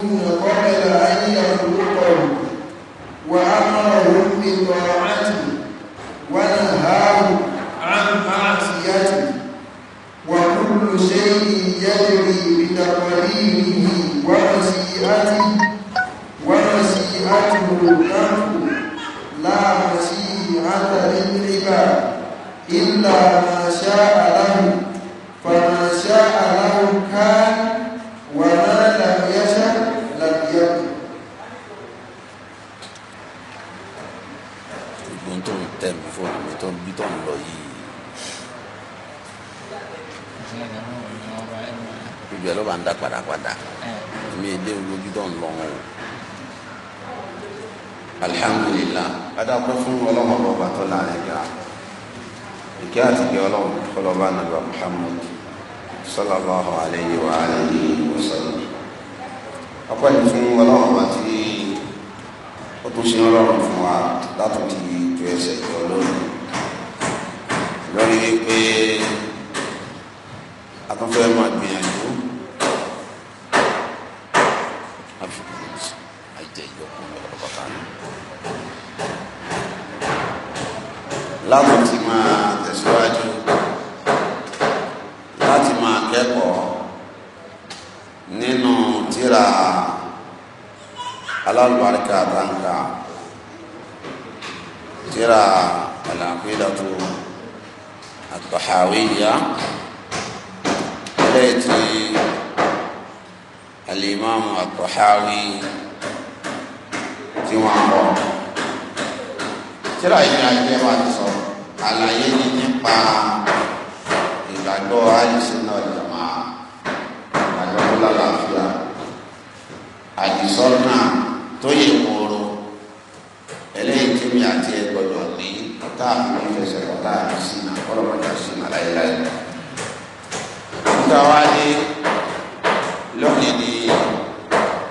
قبل أن يخلقهم وأمرهم بطاعته ونهاهم عن معصيته وكل شيء يجري لا للعباد إلا ما شاء gbogbo ẹ ló bá ń dá padàpadà mi èdè ojú tó ń lọ wọn o. alihamudulilayi adakọ fún ọlọ́wọ́n bàbá tó láàrin gbà ìkẹ́ àti ìkẹ́ ọlọ́wọ́n kọlọ́ba nàbà Muhammad sallallahu alayhi wa alayhi wa sallam ọpẹ́ fún ọlọ́wọ́n bá ti ó tún ṣe ọlọ́run fún wa látọ̀ ju ẹsẹ̀ jọ lónìí lórí wípé a tún fẹ́ máa gbìyànjú. alhawiya ẹlẹ́ẹ̀tì alimami atọ́háwí tí wọ́n ń bọ̀. tíra yìí ajẹ́ wa ti sọ àlàyé ní nípa ìgbàgbọ́ àìsínà ìjọba àgbàgbọ́ lálàáfíà àdìsọ́nà tó yẹ kóró eléyìí tí mi àti ẹ gbọdọ̀ ní tá a fi fẹsẹ̀ kọ́ta àti sí. tá a wá dé lónìí ni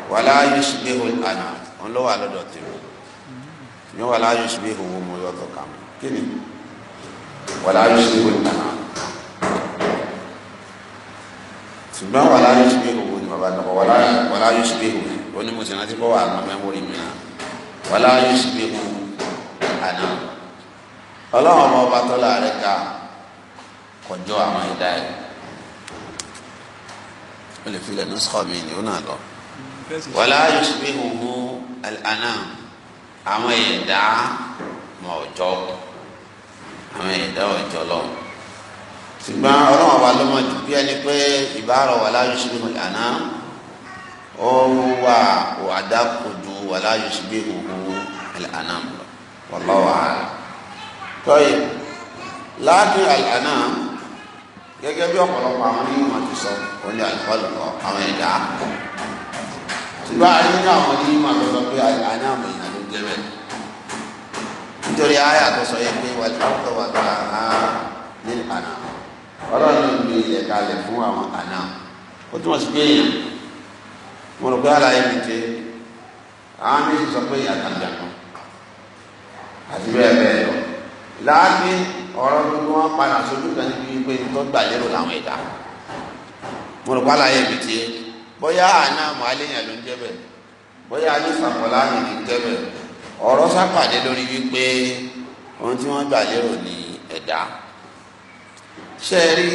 wàlá yusubihu àná òun ló wà lọ́dọ̀ tèmi ní wàlá yusubihu wo mo yọtọ̀ kà mí kí ni wàlá yusubihu àná ṣùgbọ́n wàlá yusubihu wo ni bàbá nàkọ wàlá yusubihu wo ni mo sì rántí bọ́ wà á mọ́ mẹ́mórì mi náà wàlá yusubihu àná ọlọ́run ọba tó láàrin ká kọjọ́ àwọn ẹ̀dá ẹ̀ o lè filẹ̀ ní sọ́ọ̀ mi ni ó náà lọ. wàlá yusufi huhu alana àwọn ẹ̀dá mọ̀ ọjọ́ àwọn ẹ̀dá ọjọ́ lọ. ṣùgbọ́n ọlọ́wọ́n wa ló mọ̀ jù bí ẹni pé ìbáàrọ̀ wàlá yusufi huhu alana ó wà àdàkùdù wàlá yusufi huhu alana wàlá wàhálà. tọ́yì láàkì alana gẹ́gẹ́ bí ọ̀pọ̀lọpọ̀ àwọn onímọ̀ ti sọ wọlé àlùkọ́lù kọ àwọn ẹ̀dá ṣùgbọ́n a nínú àwọn onímọ̀ lọ sọ pé àná àwọn èèyàn ló jẹ́ bẹ́ẹ̀ nítorí àyà tó sọ yẹn pé wàjú ọ̀pọ̀ wà tó àná ní àná ọlọ́run ní ilẹ̀ kalẹ̀ fún àwọn àná ó túmọ̀ sí pé èèyàn mo rò pé àlàyé mi ti àwọn méjì sọ pé ìyàtọ̀ àjàkọ́ àti bẹ́ẹ̀ bẹ́ẹ̀ lọ láàbí ọ̀rọ̀ gbogbo wọn padà sójú kan níbi pé tó gbà lérò làwọn ẹ̀dá mo rò pálá yẹ mi tiẹ̀ bóyá àná àmọ́ aléyàn ló ń jẹ́ bẹ̀ bóyá alẹ́ sàkọlá mi ló ń jẹ́ bẹ̀ ọ̀rọ̀ sápàdé lórí wípé ohun tí wọ́n gbà ní ẹ̀dá ṣe é rí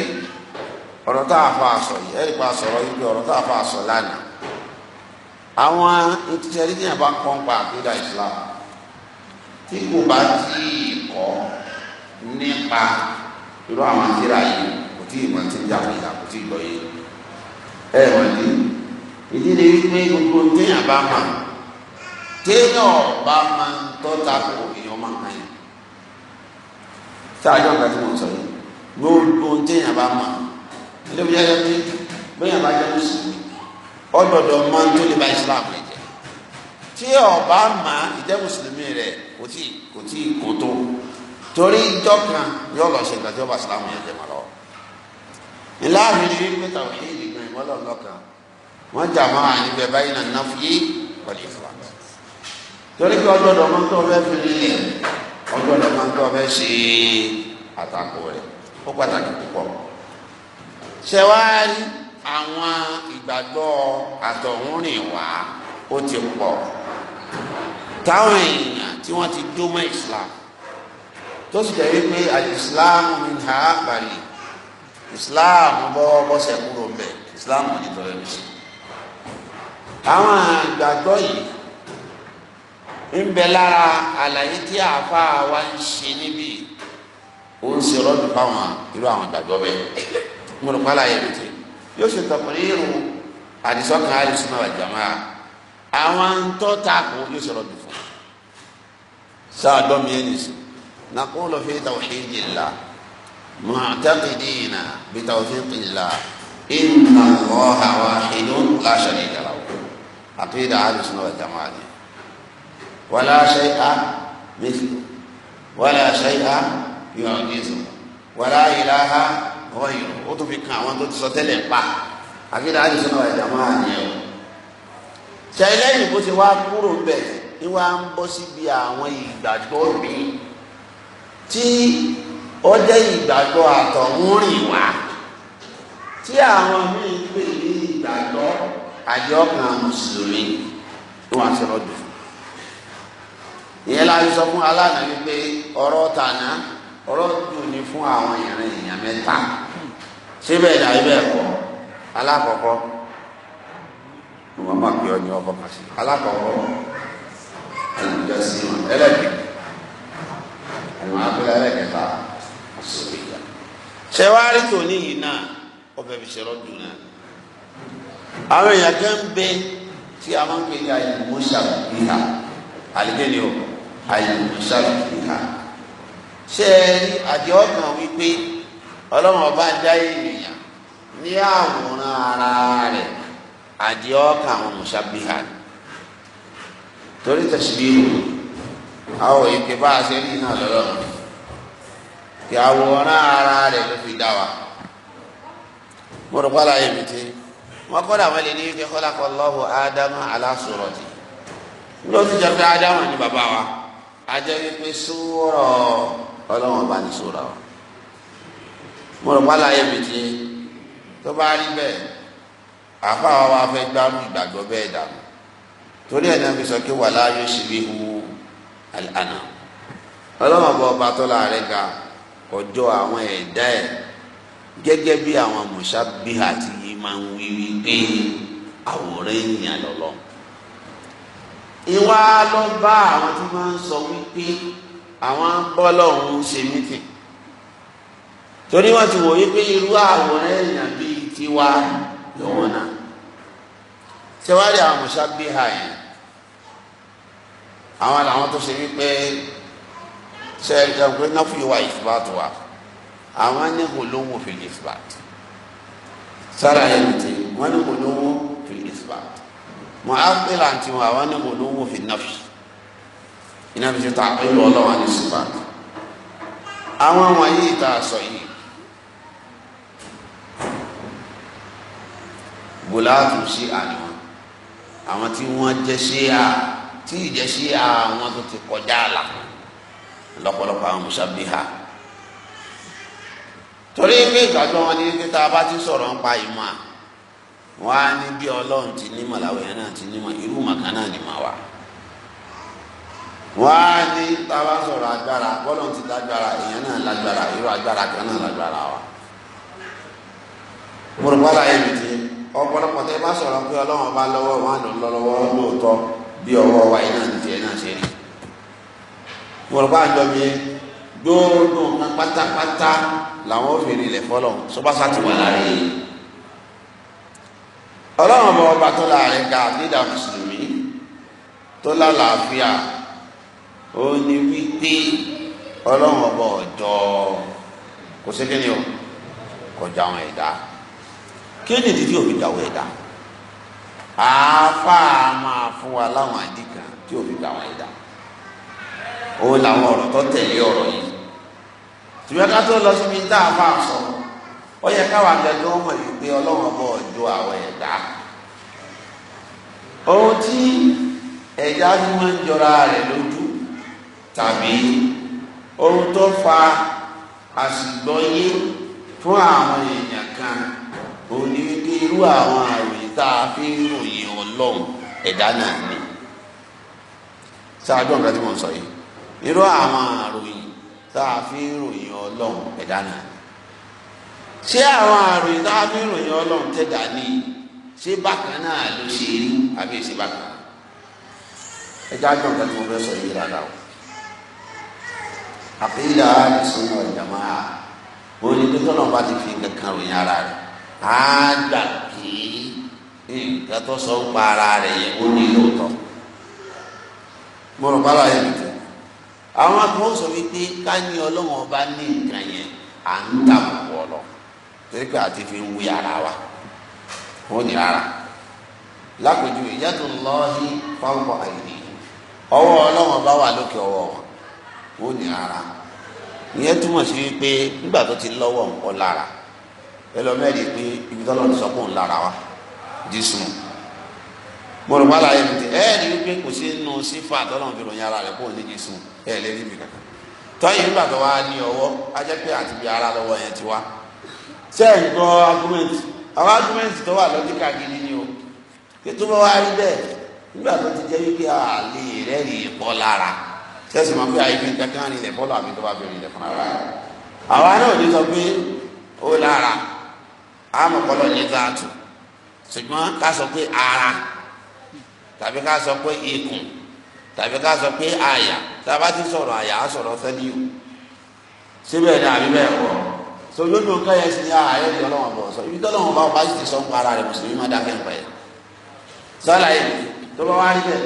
ọ̀rọ̀ tá a fa àsọ yìí ẹ̀rí pa sọ̀rọ̀ yìí pé ọ̀rọ̀ tá a fa àsọ lánàá àwọn ìtìsẹ́rí ní àbá ń kọ́ ń pa tí kò bá tí ì kọ́ nípa irú àwọn àtìrà yìí kò tí ì mọ̀ tí ń jà fún ìyá kò tí ì gbọ́ yé ẹ mọ̀ ní. ìdí ni wípé gbogbo téèyàn bá mọ̀ téèyàn bá mọ̀ tọ́ta kò èèyàn máa hàn yìí. sáájú ọ̀gá tí mo sọ yìí gbogbo téèyàn bá mọ̀ ilé ìjọba yẹn ti bóyá bá jẹ́ mùsùlùmí ọ̀dọ̀dọ̀ máa ń tó lè ba Islam rẹ̀ jẹ́ tí ọba mọ̀ ìjẹ́ mùsùlùmí rẹ̀ kò tí kò tí kò tó torí ìjọ kan yóò lọ ṣe nǹkan tí ó bá sàlámù yẹn jẹ mọ́ lọ. ìlànà ní wípé tawhid ìgbìmọ̀ ìmọ̀lọ́ lọ́kàn wọ́n jà mọ́ àníbẹ̀ báyìí náà náà fi pẹ̀lú ìfọ̀n. torí pé ọjọ́ ọ̀dọ́ máa ń tọ́ ọ fẹ́ fi lílẹ̀ ọjọ́ ọ̀dọ́ máa ń tọ́ ọ fẹ́ ṣe àtakò rẹ̀ ó pàtàkì púpọ̀. ṣẹ̀wáárí àwọn ìgbàgbọ́ àtọ̀húnrìn wá ó ti pọ̀ táwọn èèyàn tí wọ́n ti dó ìsìlámù tó sì jẹ́ wípé àìsíláàmù ní ha bàlì ìsìláàmù bọ́ bọ́sẹ̀ kúrò ń bẹ̀ ìsìláàmù ní tọ́lẹ̀ ní sí. àwọn àgbàgbọ́ yìí ń bẹ lára àlàyé tí àáfàá wa ń ṣe níbí ó ń ṣe rọ́ọ̀dù fáwọn irú àwọn àgbàgbọ́ bẹ́ẹ̀ mo rò pálá yẹn lóde yóò ṣe tọkùnrin irun àdìsọ́kàn àìsùn náà àwọn tó ta kò yóò ṣe rọ́ọ̀dù fún un sáà dọ́mi ẹni sùn. نقول في توحيد الله معتقدين بتوفيق الله إن الله واحد لا شريك له عقيدة أهل السنة والجماعة ولا شيء مثله ولا شيء يعجزه ولا إله غيره وطفي كعوان تتصدل با عقيدة أهل السنة والجماعة ṣẹlẹ́yìn bó ti wá kúrò ń bẹ̀ ni wọ́n á tí ó jẹ́ ìgbàgbọ́ àtọ̀húnrìn wá tí àwọn míì pè ní ìgbàgbọ́ àjọkàn mùsùlùmí tó wà sọ̀rọ̀ dùn ìyẹn láti sọ fún alánà wípé ọ̀rọ̀ tàná ọ̀rọ̀ dùn ní fún àwọn ìrìn èèyàn mẹ́ta síbẹ̀ dàbí bẹ́ẹ̀ kọ́ alákọ̀ọ́kọ́ mo máa ń pè ọ́ ní ọkọ̀ kàṣí alákọ̀ọ́kọ́ àlùjọ sí wọn ẹlẹ́gbẹ̀ẹ́ àwọn abẹ́rẹ́ ẹlẹ́kẹta àṣọwéjà ṣẹwárí tòní yìí náà ọbẹ̀ fi ṣẹlọ dùn náà àwọn èèyàn kan bẹ tí a máa ń pè ní àyùmọ̀ṣàbíhà àlìkẹ́ni o àyùmọ̀ṣàbíhà ṣe é rí àjẹ́ ọ̀kan wípé ọlọ́run ọba dá ènìyàn ní àwòrán ara rẹ̀ àjẹ́ ọ̀kan àwọn mọ̀ṣàbíhà torí tẹ̀síbí ìlú àwọn òyìnbó bá a ṣe rí náà lọ́rọ̀ ìyàwòrán ara rẹ̀ ló fi dá wa mo rò pàlà èmi tí wọn kọ́ làwọn lè ní ike kọ́lá kọ́ lọ́hùn ádámù aláṣọrọ̀ tì ní o ti jẹ pé ádámù ni bàbá wa a jẹ́ wípé sóòrọ̀ ọlọ́wọ́n bá ní sóòrọ̀ wa mo rò tí tó bá rí bẹ́ẹ̀ àfa wa fẹ́ gbárùn ìgbàgbọ́ bẹ́ẹ̀ dànù torí ẹ̀ náà fi sọ pé wàhálà yóò ṣe bí hu àná ọlọ́wọ́n bọ ọba tó láàrin ga ọjọ́ àwọn ẹ̀dá ẹ̀ gẹ́gẹ́ bí àwọn mùsàbíhà ti yí máa ń wí wípé àwòrán ènìyàn lọ́lọ́ ìwà lọ bá àwọn tí máa ń sọ wípé àwọn bọ́lọ̀ ń ṣe mítìn torí wọn ti wòye pé irú àwòrán èèyàn bíi tiwa lòun náà ṣé wàá rí àwọn mùsàbíhà yẹn àwọn làwọn tó ṣe wípé ṣe é jẹun pé náà fún ìwà ìfibàtò wa àwọn ní olówó fìlì ìfibàtò sára ẹni tí wọn ní olówó fìlì ìfibàtò mọ àpèlà tí wọn àwọn ní olówó fìlì náfì iná fi ṣe ta ìlú ọlọ́wọ́ ní ìfibàtò àwọn wọ̀nyí ìta àṣọ yìí gbòláàtù sí àná àwọn tí wọ́n jẹ́ ṣé à tí ìjẹsí àwọn tó ti kọjá àlà lọ́pọ̀lọpọ̀ àwọn musabiha torí pé ìgbàgbọ́ wọn ní títa bá ti sọ̀rọ̀ ń pa ìmọ̀ wọn á ní bí ọlọ́run ti ní màláwẹ̀ náà ti ní mọ̀ irú màkà náà ni mà wá wọn á ní tá a bá sọ̀rọ̀ agbára bọ́lọ́run ti lágbára èèyàn náà lágbára irú agbára kan náà lágbára wa mo rò wá láyé mi ti ọ̀pọ̀lọpọ̀ tẹ́ bá sọ̀rọ̀ pé ọlọ́run bá lọ́wọ́ wọn á lọ lọ́wọ́ lóòótọ́ bí ọwọ́ wa iná ní tiẹ̀ náà ṣe rí wọn bá jọ mi gbóòórùn nǹkan pátápátá làwọn obìnrin ilẹ̀ fọlọ́ sọ́bàṣà ti wà láàrin yìí ọlọ́run ọba ọba tó láàrin ga àdídà mùsùlùmí tó lálàáfíà ó ní wípé ọlọ́run ọba ọ̀jọ́ kò sí kí ni o kọjá àwọn ẹ̀dá kí ni dídí òbí dáwọ́ ẹ̀dá. àáfà máa fún wa láwọn àdí kan tí ò fi gbà wọ́n ẹ̀dá òun làwọn ọ̀rọ̀ tó tẹ̀lé ọ̀rọ̀ yìí ṣùgbọ́n ká tó lọ síbi tá a máa sọ ó yẹ káwa gẹ́gẹ́ ó mọ̀ wípé ọlọ́run ọba ọjọ́ àwọn ẹ̀dá ohun tí ẹ̀dá ti máa ń jọra rẹ̀ lójú tàbí ohun tó fa fún àwọn tá a fi ń ròyìn ọlọ́run ẹ̀dá náà ni sáájú ọ̀gá tí mo ń sọ yìí irú àwọn àròyìn tá a fi ń ròyìn ọlọ́run ẹ̀dá náà ṣé àwọn àròyìn tá a fi ń ròyìn ọlọ́run tẹ̀dá ni ṣé bákan náà ló ṣe rí àbí ṣe bákan ẹ já tí mo fẹ́ sọ yìí rárá o àpèyílà àdìsúnà ìjàmbá òun ni pé bá ti fi kankan ròyìn ara rẹ̀ á gbà nǹkan tó sọ ń pa ara rẹ̀ ó ní lóòótọ́ mo rò pálọ̀ ayé mi tẹ̀ àwọn akọ̀wé sọ wípé ká ní ọlọ́run ọba ní nǹkan yẹn à ń torí pé àti fi ń ara wa ó ní ara ìyàtọ̀ lọ́ọ́hí fáwọn ọwọ́ ọlọ́run ọba wà lókè ọwọ́ wọn ó ní ara ìyẹn túmọ̀ sí wípé nígbà tó ti lọ́wọ́ lára pé ibi wa. jismu mọ̀rọ̀ wà láyé mi ti ẹ ẹ́ ní pé kò sí nù sífà tọ́lọ́run fi ròyìn ara rẹ̀ kó o ní jismu ẹ lè rí ní ọwọ́ àti bí ara lọ́wọ́ yẹn ti wá ṣé ẹ̀ ń gbọ́ argument àwọn argument tó wà lọ́jíkà gidi ni o kí tó bá wá rí bẹ́ẹ̀ nígbà tó ti jẹ́ wípé a lè ìbọ́ lára máa ń bá bẹ̀rẹ̀ ṣùgbọ́n ká sọ pé ara tàbí ká sọ pé ikùn tàbí ká sọ pé àyà tá a bá ti sọ̀rọ̀ àyà á sọ̀rọ̀ sẹ́díò síbẹ̀ ni àbí bẹ́ẹ̀ kọ́ so lódò káyọ̀ sí ní ààyè ah, ìdí ọlọ́wọ́n bọ̀ sọ ibi tọ́lọ́wọ́n bá bá ti sọ ń pa ara rẹ̀ mùsùlùmí má dákẹ́ ńpa yẹn sọ́la yìí tó bá wá rí bẹ́ẹ̀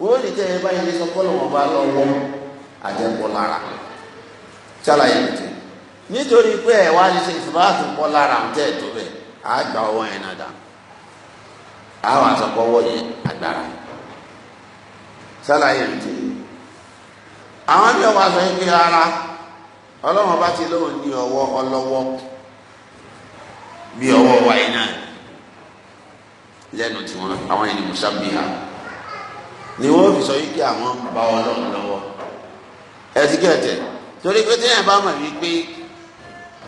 wọ́n ní tẹ́ ẹ báyìí ní sọ kọ́lọ́wọ́n bá lọ́wọ́ àjẹpọ̀ lára sọ́la yìí ti nítorí pé ẹ̀ wá ní sẹ́ ìfúbáàtì pọ̀ lára àwọn tẹ́ tó bẹ̀ àgbà ọwọ́ yẹn náà dáa àwọn àsọpọ̀wọ́ yẹn agbára sálàyé ìdí àwọn ní ọwọ́ aṣọ ìpè ara ọlọ́run bá ti lóun ní ọwọ́ ọlọ́wọ́ bí ọwọ́ wáyé náà lẹ́nu tiwọn àwọn ẹni mùsàbíhà ni wọ́n fi sọ yìí kí àwọn bá ọlọ́run lọ́wọ́ ẹtíkẹ́tẹ̀ torí pé téèyàn bá mọ̀ wípé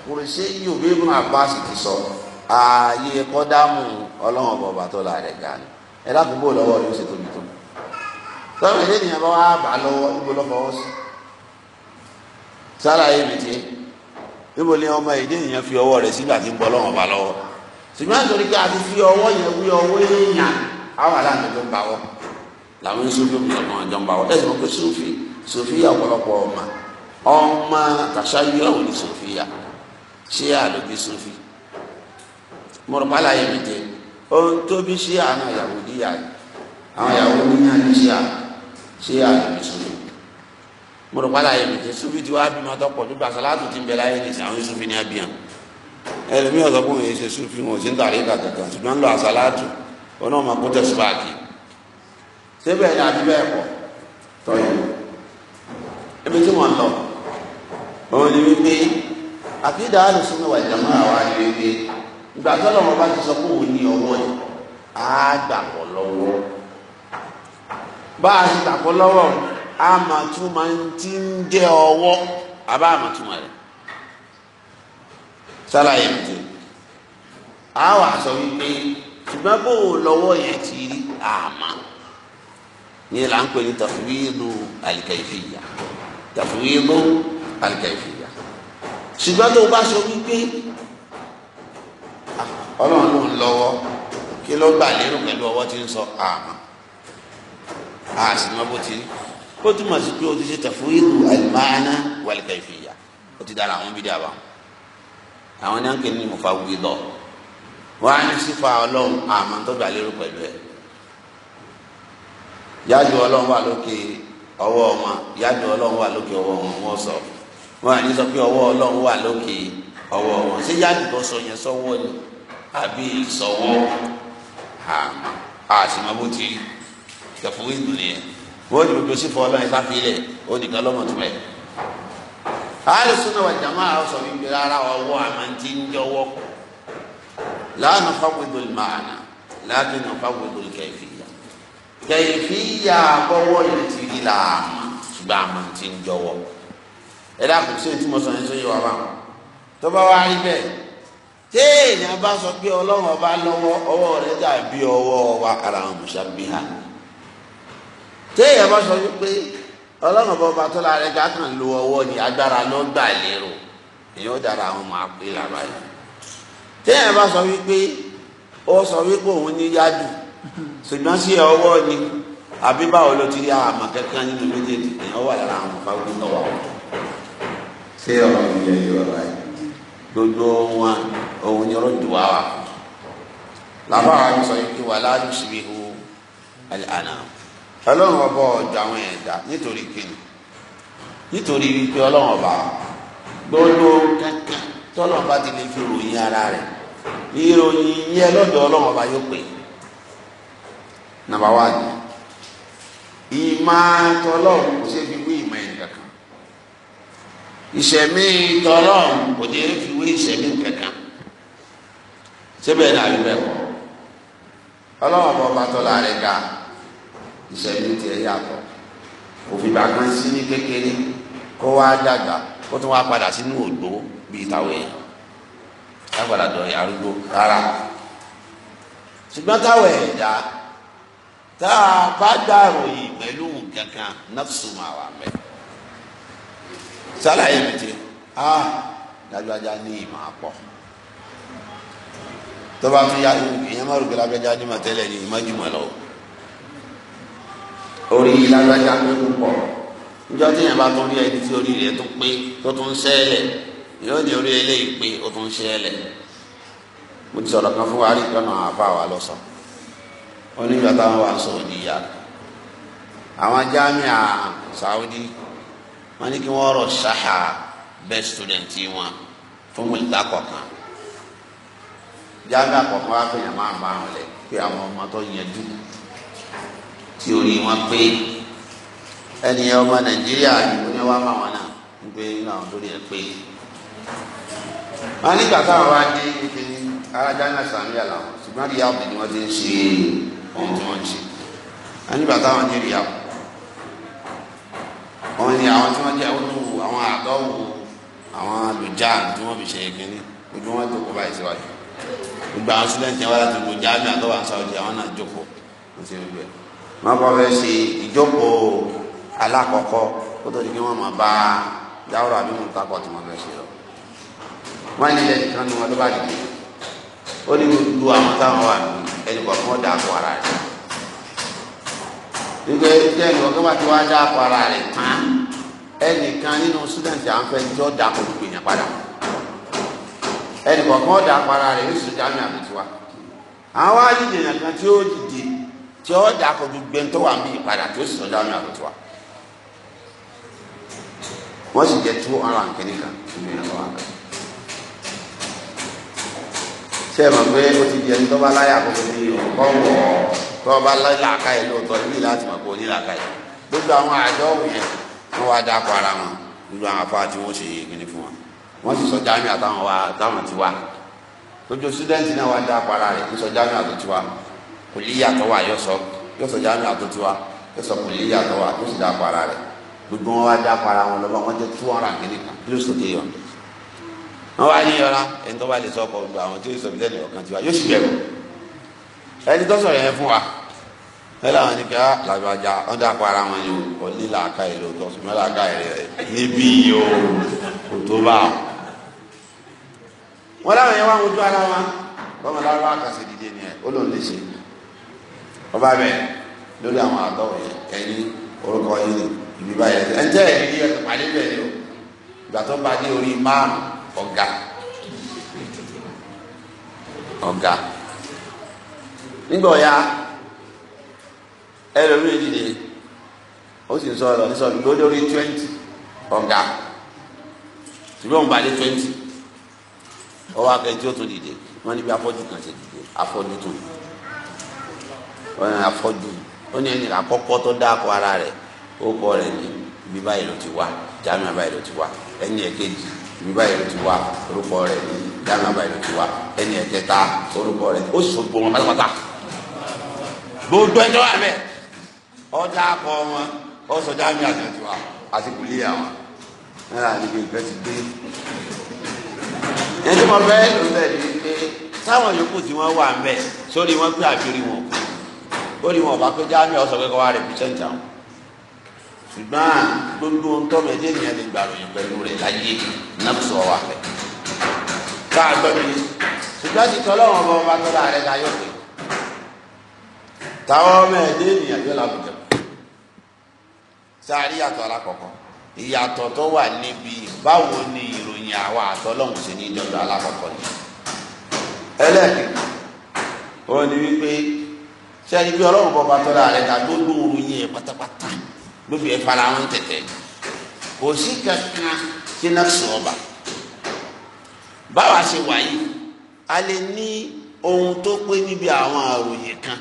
kùrìsì yìí òbí mú àbá sì ti sọ. So ààyè kọ́dámù ọlọ́wọ́n bọ̀bà tó la rẹ̀ gani ẹ lákòókò lọ́wọ́ yóò ṣe tóbi tó lọ́wọ́ ìdí ènìyàn bá wà bá lọ́wọ́ ibo lọ́ fọwọ́ sí sára yìí bìtì ibo ni ọmọ ìdí ènìyàn fi ọwọ́ rẹ̀ sígbà tí ń bọ́ lọ́wọ́ bá lọ́wọ́ ṣùgbọ́n nítorí pé a ti fi ọwọ́ yẹn wí ọwọ́ èèyàn àwọn aláǹdà tó ń bá wọ́ làwọn sófì ọmọ àjọ ń bá wọ́ ẹ̀sìn pé sófì sófì yà ọ̀pọ̀lọpọ̀ ọmọ ọmọ tàṣà yìí ọ̀hún ni sófì yà ṣé àlòkè sófì mọ̀rọ̀pá láyé mi jẹ ohun tó bí ṣé àwọn ìyàwó níyà àwọn ìyàwó níyà ní ṣé à ṣé à lóbi sùnú mọ̀rọ̀pá láyé mi jẹ sùfì tí wàá bí ma tọkọ̀ nígbà sàlátù ti ń bẹ láyé nìyí àwọn sùfì ní abiyàn ẹlòmíràn sọ fún mi ṣe sùfì wọn ò sí ń tàrí ìgbà kankan ṣùgbọ́n ń lọ àsàlátù wọn náà máa kó tẹ̀síwájú síbẹ̀ ni àbí bẹ́ẹ̀ kọ́ tọ́yọ̀ ebi tí wọ́n lọ òun ni wípé àkídà àlùsùn wà jàmáà wà ní wípé ìgbà tó lọ́wọ́ bá ti sọ pé òun ní ọwọ́ yìí á gbà pọ̀ lọ́wọ́ bá a ti gbà pọ̀ lọ́wọ́ a máa tún máa ń ti ń jẹ́ ọwọ́ àbá àmọ̀ tún máa rẹ̀ sálàyé mi ti a wà sọ wípé ṣùgbọ́n bó o lọ́wọ́ yẹn ti rí àmà ní là ń pè ní tàfíwìlú àlìkàìfìyà tàfíwìlú àlìkàìfìyà ṣùgbọ́n tó o bá sọ wípé. ọlọ́run ụlọ ń lọ́wọ́ kí ló gbà lérò pẹ̀lú ọwọ́ tí ń sọ àmọ́ àṣìmọ́ bó ti rí ó túmọ̀ sí pé o ti ṣe tafwidu al o ti dára àwọn bídí àbáwọn àwọn ní à ń pè ní mufawwidah wọn á ní sífà ọlọ́run àmọ́ tó gbà lérò pẹ̀lú ẹ̀ yájú ọlọ́run wà lókè ọwọ́ wọn yájú ọlọ́run wà sọ ní sọ pé ọwọ́ ọlọ́run wà lókè ọwọ́ sọ yẹn ni. àbí ìsọwọ́ àmọ́ àṣìmọ́ bó ti kẹfọ́ ìlú nìyẹn wọ́n ti gbogbo sífọ́ ọlọ́run ìfá filẹ̀ ó nìkan lọ́mọ tó mẹ́. àlè súnà wà jàmá àwòsọ mi gbé rárá ọwọ́ àmọ́ ti ń jọwọ́ kù láàánú fáwọn ìdòlù màánà láàánú fáwọn ìdòlù kẹfìyà kẹfìyà bọ́wọ́ yìí ti rí làámà ṣùgbọ́n àmọ́ ti ń jọwọ́ ẹ dákun sí ètí mọ́sán ẹ tó yẹ wá bá wọn tó bá wá rí bẹ́ẹ̀ téèyàn bá sọ pé ọlọ́run ọba lọ́wọ́ ọwọ́ rẹ̀ dàbí ọwọ́ wa ara àwọn mushabbiha téèyàn bá sọ pé ọlọ́run ọba ọba lo ọwọ́ ni agbára lọ́gbà lérò ó dára àwọn ọmọ àpè yìí téèyàn bá sọ wípé ó sọ wípé òun ní yádù ṣùgbọ́n sí ọwọ́ ni àbí báwo ló nínú méjèèjì àwọn fáwọn gbogbo wọn òun ni ọ̀rọ̀ dùn wá wa làbá wa sọ yìí kí wà láàyè síbi hu àná ọlọ́run ọba ọjọ́ àwọn ẹ̀dá nítorí kíni nítorí wípé ọlọ́run ọba gbogbo kankan tọ́lọ́run bá ti lè fi ròyìn ara rẹ̀ ìròyìn yẹn lọ́dọ̀ ọlọ́run ọba yóò pè nàbà wà ìmọ̀ àtọ́lọ́run kò ṣe fi wí ìmọ̀ ẹ̀ nìkan kan ìṣẹ̀mí tọ́lọ́ kò ní fi wé ìṣẹ̀mí kankan síbẹ̀ dàbí bẹ́ẹ̀ kọ́ ọlọ́wọ́n bọ́ bá tọ́lá rẹ̀ ga ìṣẹ̀mí tiẹ̀ yàtọ̀ òfin bàkan sí ní kékeré kó wá dàgbà kó tún wá padà sínú ògbó bíi táwọn èèyàn lágbàdà dọ̀yìn arúgbó rárá ṣùgbọ́n táwọn ẹ̀dá tá a bá dàrò yìí pẹ̀lú nǹkan náà sùn máa wà sálàyé mi ti ah dájú ajá ní ìmọ̀ àpọ̀ tọ́ba tún yá ìyẹn má rògbé lábẹ́já ní màtẹ́lẹ̀ ní ìmọ̀jùmọ̀ lọ. orí lábẹ́já pé púpọ̀ níjọ́ tí yẹn bá tún rí ẹni tí orí rẹ̀ tó pé tó tún sẹ́ẹ̀lẹ̀ yóò ní orí eléyìí pé ó tún sẹ́ẹ̀lẹ̀. mo ti sọ̀rọ̀ kan fún wa rí kan náà àfa wa lọ́sàn. onígbà táwọn wà ń sọ òdìyà àwọn jámíà sáwọ́dí wọ́n ní kí wọ́n rọ̀ ṣáṣá best student wọn fún mùlítà kọ̀ọ̀kan jáde àkọ́kọ́ wá fẹ̀yàn máa bá wọn lẹ̀ pé àwọn ọmọ tó yẹjú tí orí wọn pé ẹni ọmọ nàìjíríà ìbò ni wọn máa wọn náà ń pé àwọn tó yẹ pé wọn nígbà táwọn wá dé ibi arájá náà sàmúlẹ̀ làwọn ṣùgbọ́n ríyàwó ni wọ́n ti ń ṣe ohun tí wọ́n ń ṣe wọn nígbà táwọn dé ríyàwó wọ́n ní àwọn tí wọ́n jẹ́ olówó àwọn àdánwò àwọn àlùjá tí wọ́n fi ṣe kínní ojú wọn jókòó báyìí síwájú gbogbo àwọn sílẹ̀ǹtì wọn láti gbogbo jáàmì àtọ́wà sáwọ́dì àwọn náà jókòó wọ́n ṣe gbogbo ẹ̀. wọ́n kọ́ fẹ́ ṣe ìjókòó alákọ̀ọ́kọ́ kó tó di kí wọ́n máa bá dáwọ́rọ̀ àbí mùtákọ̀ tí wọ́n fẹ́ ṣe lọ. wọ́n ní lẹ́yìn kan ní wọn ló bá dìde ó ní gbogbo àwọn táwọn wà ní ẹnì nke tí ẹnì ọ̀gá bá ti wá dá akọ rẹ̀ tán ẹnìkan nínú student à ń fẹ́ jọ́ da kò gbogbo èèyàn padà ẹnì kọ̀ọ̀kan ọ̀dà akọ rẹ̀ mi wa àwọn àdìdì kan tí ó dìde tí ó dà kọ gbogbo wà wa wọ́n sì jẹ́ two hundred and ṣe mọ̀ pé ó ti di ẹni tó bá láyà kó tó di tó bá láyà yìí lóòótọ́ ní láti mọ̀ pé ó ní làákà yìí gbogbo àwọn àjọ yẹn wọ́n wá dákọ̀ ara wọn gbogbo àwọn afá tí wọ́n ṣe kíni fún wọn wọ́n sì sọ jámì àtàwọn wa àtàwọn ti wá lójú sídẹ́ǹtì náà wá dákọ̀ ara rẹ̀ sọ jámì àtò tiwa kò líyàtọ̀ wà yọ sọ yọ sọ jámì àtò tiwa yọ sọ kò líyàtọ̀ wà yọ sì dákọ̀ ara rẹ̀ gbogbo wọn wá dákọ̀ ara wọn lọ́wọ́ wọn wá ní ọlá ẹni tó bá lè sọ ọkọ gbogbo àwọn tí ó sọ bíi lẹ́nu ọkàn tiwa yóò sì bẹ̀rù ẹni tó sọ̀rọ̀ yẹn fún wa ẹ láwọn ní kí á làbàjá wọn dàpọ̀ ara wọn yìí ó ní làákà yìí lóòótọ́ ṣùgbọ́n làákà yìí rẹ̀ níbí yìí ó kò tó bá wọn. wọn láwọn yẹn wá ń ojú ara wọn bọ́mọ lára wà kàṣẹ dídé ni ẹ ó lòun lè ṣe ọba bẹ lórí àwọn àtọwọ yẹn ẹyin orúkọ yìí ìbí báyìí ẹ o ìgbà tó bá dé orí márùn Ọga, Ọga, nígbà ọ̀ya ẹlòmíràn dìde ó sì ń sọ ọ̀rọ̀ ori 20? ọga, twenty ọ̀gá adị, òun ọwa dé twenty ọwọ́ akẹ́kẹ́ tí ó tó dìde kan ṣe akọ ara rẹ ó kọ́ rẹ̀ ní bí ti wá jàmíà báyìí ti wá ẹni ibi báyìí ló ti wá orúkọ rẹ̀ ní dáná báyìí ló ti wá ẹni ẹ̀kẹta orúkọ rẹ̀ ó sọ gbogbo wọn pátápátá gbogbo ẹjọ́ wà bẹ́ẹ̀ ọjà akọ wọn ọsọjà mi àtẹ̀tù wa àti kùlíyà wọn náírà níbi ìgbẹ́ ti dé ẹni tí wọ́n fẹ́ lò bẹ́ẹ̀ ni pé táwọn yòókù tí wọ́n wà ń bẹ̀ sórí wọn pé àbírí wọn ó rí wọn ọba pé jáàmì ọ̀sọ̀ pé kọ́ wá rẹ̀ pìṣẹ́ǹtì àwọn ṣùgbọ́n gbogbo ntọ́mọ ẹ̀jẹ̀ nìyẹn lè gbàrò yẹn pẹ̀lú rẹ̀ láyé nàbùsọ̀ wà pẹ̀. bá a gbọ́ mi ṣùgbọ́n ti tọ́lọ́ wọn bọ́ bá tọ́lá rẹ̀ la yọ̀ pé táwọn ọmọ ẹ̀jẹ̀ nìyẹn yọ̀ làbùjọ. sáré yàtọ̀ alákọ̀ọ́kọ́ ìyàtọ̀ tó wà níbi báwo ni ìròyìn àwa àtọ́lọ́hùn ṣe ní ìdọ́dọ̀ alákọ̀ọ́kọ́ ni. ẹlẹ́ẹ̀kejì ó ní wípé ṣé bí ọlọ́run bọ́ bá tọ́lá rẹ̀ la gbogbo òru yẹn pátápátá ló fi ẹ̀fara wọn tẹ̀tẹ̀ kò sí kankan tí náà sọ ọba báwa ṣe wà yìí a lè ní ohun tó pé níbi àwọn àròyìn kan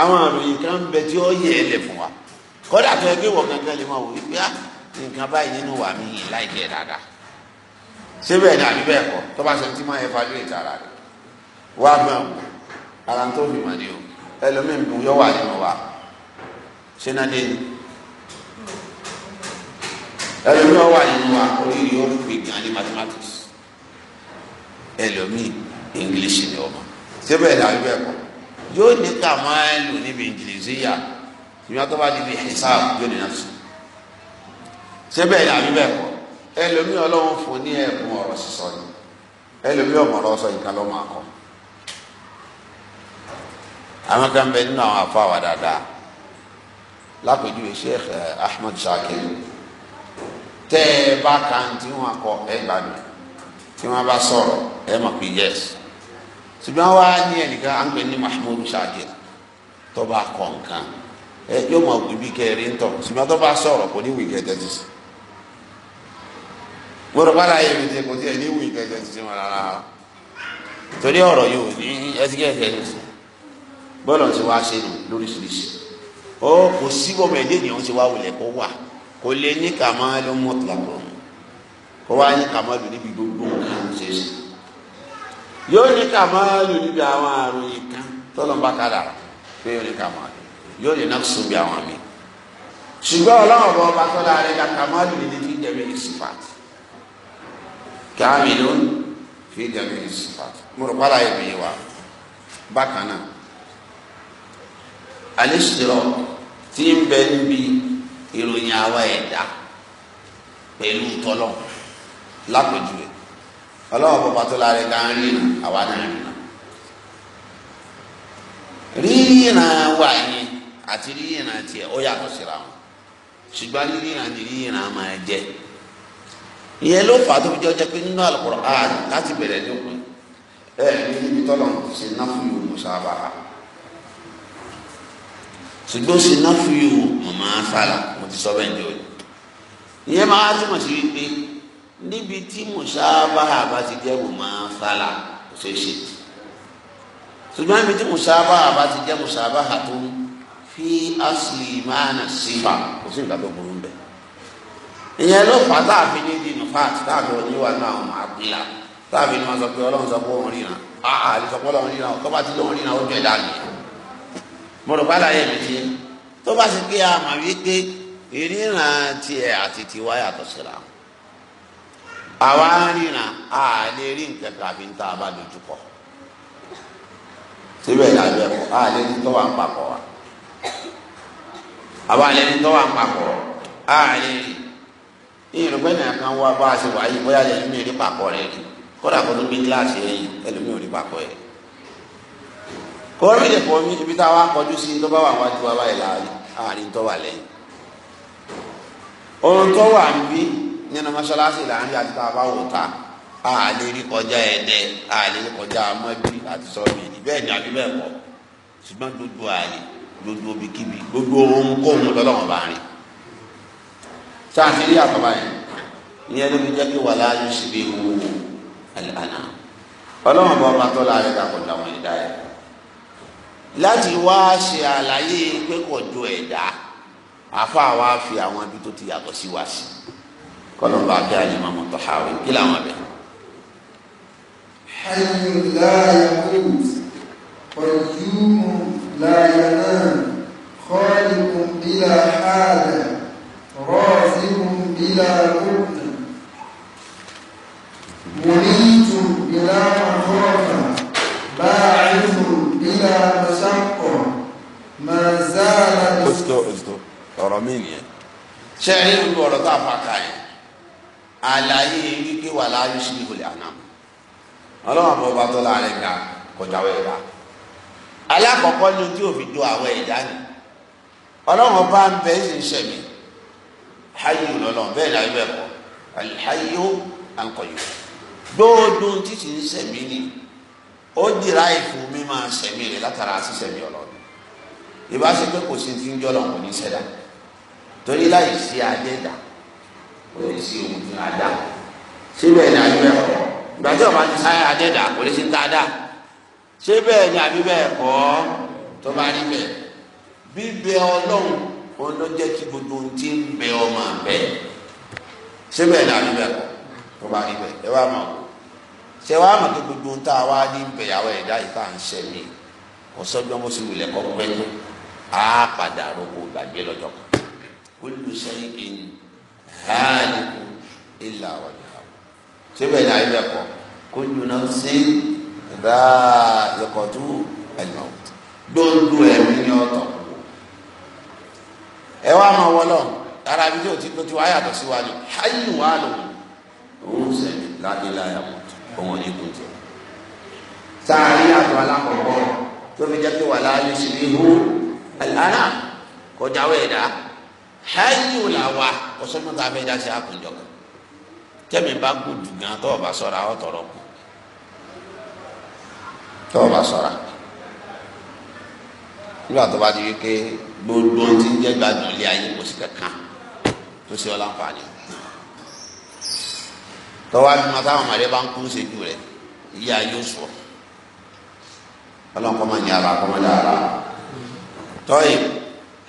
àwọn àròyìn kan ń bẹ tí ó yẹ ẹlẹ fún wa kódà tó ẹgbẹ́ wọ gangan lè máa wò wípé á ah, nǹkan báyìí nínú wà mí yìí láìpẹ́ dáadáa síbẹ̀ ní àbí bẹ́ẹ̀ kọ́ tó bá ṣe ti máa ẹ̀fà lóye tààrà rẹ̀ wá gbọ́n ara tó fi mọ̀ ní o ẹlòmíì yọ wà nínú wa ṣé náà dé ni ẹlòmíì wà nínú wa oríire ó pè gan ní mathematics ẹlòmíì english ni ọmọ síbẹ̀ dàbí bẹ́ẹ̀ kọ́ yóò ní ká máa ń lò níbi ìjìnlẹ̀síyà ìyá tó bá di bí hisab yóò ní nàṣọ síbẹ̀ dàbí bẹ́ẹ̀ kọ́ ẹlòmíì ọlọ́run fún ní ẹ̀bùn ọ̀rọ̀ sísọ ni ẹlòmíì ọmọ ọ̀rọ̀ sọ ìka lọ́mọ akọ àwọn kan bẹ nínú àwọn afọ àwọn dáadáa lápèjúwe eh, ahmed shakir. tẹ́ ẹ bá tí wọ́n kọ ẹ gbàdùn tí wọ́n bá sọ̀rọ̀ ẹ mọ̀ pé yẹs ṣùgbọ́n wá ní ẹnìkan à ń pè ní Mahmoud Shakir tó bá kọ nǹkan ẹ yóò mọ̀ ibi kẹrin tọ̀ ṣùgbọ́n tó bá sọ̀rọ̀ kò ní wí kẹtẹ́tì sí gbọ́dọ̀ bá láyé mi tẹ kò tí ẹ ní wí rárá torí ọ̀rọ̀ yóò ní ẹtí ti wá ṣe nù lóríṣiríṣi ó kò síbọ̀ mẹ́ẹ̀ẹ́dẹ́gbẹ̀rún ti wá wulẹ̀ kó wà. kò lè ní kàmáàlú mọ́tàkùn kó wá ní kàmáàlú níbi gbogbo nǹkan ṣe sí yóò ní kàmáàlú níbi àwọn àrùn yìí kan tọ́lọ́mbà kàdà pé yóò ní kàmáàlú yóò ní náà sùn bí àwọn mi ṣùgbọ́n ọlọ́run ọba ọba tọ́lá rẹ̀ ká kàmáàlú ní fi jẹ́ bẹ́ẹ̀ sífàtì kàmílù fi jẹ́ bẹ́ẹ̀ sífàtì mo rò pàlà ẹ̀mí wa bákan náà alẹ́ sọ̀rọ̀ tí ń bẹ níbi ìròyìn àwa ẹ̀dá pẹ̀lú tọ́lọ̀ lápèjúwe ọlọ́wọ́ bọ́ba tó la rẹ̀ ká ń rìnà àwa náà rìnà rírìnà wà yẹn àti rírìnà tiẹ̀ ó yàtọ̀ síra wọn ṣùgbọ́n rírìnà ni rírìnà máa jẹ́ ìyẹn ló fà á tó fi jẹ́ ọjọ́ pé nínú Al-Qur'an láti bẹ̀rẹ̀ dópin ẹ̀ẹ́dì níbi tọ́lọ̀ ṣe náà fún yorùbá sábà ṣùgbọ́n ṣe náà fi wò mo máa sára mo ti sọ bẹ́ẹ̀ ní òye ìyẹn máa túmọ̀ sí wípé níbi tí mo sábà bá ti jẹ́ mo máa sára kò ṣeé ṣe ṣùgbọ́n níbi tí mo sábà ti jẹ́ mo sábà fi asìlì máa nà sífà kò sí nǹkan burú ń ìyẹn ló fà á tààfin ní di nufat tààfin oníwà náà ọmọ àgbélà tààfin ni wọn sọ pé ọlọ́run sọ pé òun ríran àà àlùsọpọ̀ ọlọ́run ríran ọ̀tọ́ bá ti lóun ríran ó jẹ́ dáa mo rò pálá mi ti tó bá ṣe kí a mà wípé ìríran tiẹ̀ àti tiwa yàtọ̀ síra àwa ríran a lè rí nǹkan kan àfi ń tá a bá dojú kọ síbẹ̀ a lè ní tó wà a lè rí kan wá bá a ṣe wáyé bóyá mi rí papọ̀ rẹ̀ rí kódà kó tó gbé kíláàsì kọ́rí lè pọ̀ mí ibi tá a wá kọjú sí tó bá wà wájú wa báyìí láàrin àárín tó wà lẹ́yìn ohun tó wà ń bí nínú mọ́ṣáláṣí láàrin àti tá a bá wò ta àlè rí kọjá ẹ̀dẹ́ àlè rí kọjá amọ́bí àti sọ́ọ̀mì bẹ́ẹ̀ ni àbí bẹ́ẹ̀ kọ́ ṣùgbọ́n gbogbo àlè gbogbo bikíbi gbogbo ohunkóhun lọ́lọ́wọ́n bá rìn sáà ti rí àtọ́bá yẹn ìyẹn ló fi jẹ́ kí wàhálà yóò ṣe bí ewu àlànà ọlọ́wọ́n bá ọba tó láàrin dàpọ̀ làwọn ẹ̀dá yẹn láti wá ṣe àlàyé pé kò jọ ẹ̀dá àfa wa fi àwọn ibi tó ti yàtọ̀ sí wa sí kọlọ́mbà bí alimami Tahawi kí làwọn bẹ̀. حي لا يموت قيوم لا ينام خالق بلا حاجة رازق بلا مؤمن منيت بلا مخافة باعث بلا مشقة ما زال اسكت اسكت ọ̀rọ̀ mi nìyẹn ṣé ẹ ní ọ̀rọ̀ tó àfàkà yẹn àlàyé wípé wà láàyè sí ìwòlẹ̀ àná ọlọ́run àbọ̀ bá tọ́ láàrin ga kọjá wẹ̀ wá alákọ̀ọ́kọ́ ni tí òfin do àwọn ẹ̀dá ni ọlọ́run bá ń bẹ ẹ́ sì ń ṣẹ̀mí hayi lọ́lọ́ bẹ́ẹ̀ ni ayé bẹ́ẹ̀ kọ́ alihayi ó à ń kọ́ yìí ni ó dìrá ìfún mi máa sẹ̀mí rẹ̀ látara sísẹ̀mí ọlọ́run ìbá ṣe pé kò sí ti ń jọ́lọ̀ kò ní sẹ́dá torí láì sí adẹ́dà kò lè sí ohun tí a dá síbẹ̀ ni àbí bẹ́ẹ̀ kọ́ ìgbà tí ọba ti sáyà adẹ́dà kò lè sí ń ta dá síbẹ̀ ni àbí bẹ́ẹ̀ kọ́ tó bá rí bẹ́ẹ̀ bíbẹ ọlọ́run òun ló jẹ́ kí gbogbo ohun tí ń bẹ ọmọ bẹ́ẹ̀ síbẹ̀ ni àbí bẹ́ẹ̀ kọ́ tó bá rí bẹ́ẹ̀ ẹ wá máa wò ṣé wàá mọ̀ pé gbogbo ń tá a wá ní bẹ̀yàwó ẹ̀dá yìí tá à ń ṣẹ́ mi kò sọ́jọ́ mo sì wulẹ̀ kọ́ pẹ́ tó a padà rògbò gbàgbé lọ́jọ́ kan kullu shay'in haliku illa wajhahu síbẹ̀ ní ayé bẹ́ẹ̀ kọ́ kullu nafsin dha'iqatu al-maut gbogbo ẹ̀mí ni ọ̀tọ̀ ẹ wá máa wọlọ́ ara ibi tí o ti wáyà tó síwájú ayé wàá lò ó ń sẹ́yìn láti láyà mọ́ òun ò ní kun tiẹ̀. sáàrí àtọ̀ alákọ̀ọ́kọ́ tó fi jẹ́ pé wàhálà yóò ṣe bí hu àlànà kọjá wẹ̀dá hẹ́yìn ò là wà kọ́sọ́mọ́ tá a fẹ́ já sí àkùnjọ kan tẹ́mi bá gùn jù gan tọ́wọ́ bá sọ̀rọ̀ àwọn tọ̀rọ̀ kù tọ́wọ́ bá sọ̀rọ̀ nígbà tó bá di wípé gbogbo ti ń jẹ́ gbádùn ilé ayé kò sí kankan tó ṣe ọ́ láǹfààní tọ́wọ́ abimọ táwọn màdé bá ń kú ṣèjú rẹ̀ ìyá yóò sọ ọlọ́nkọ́ máa ń yàrá kọ́ máa dára tọ́yì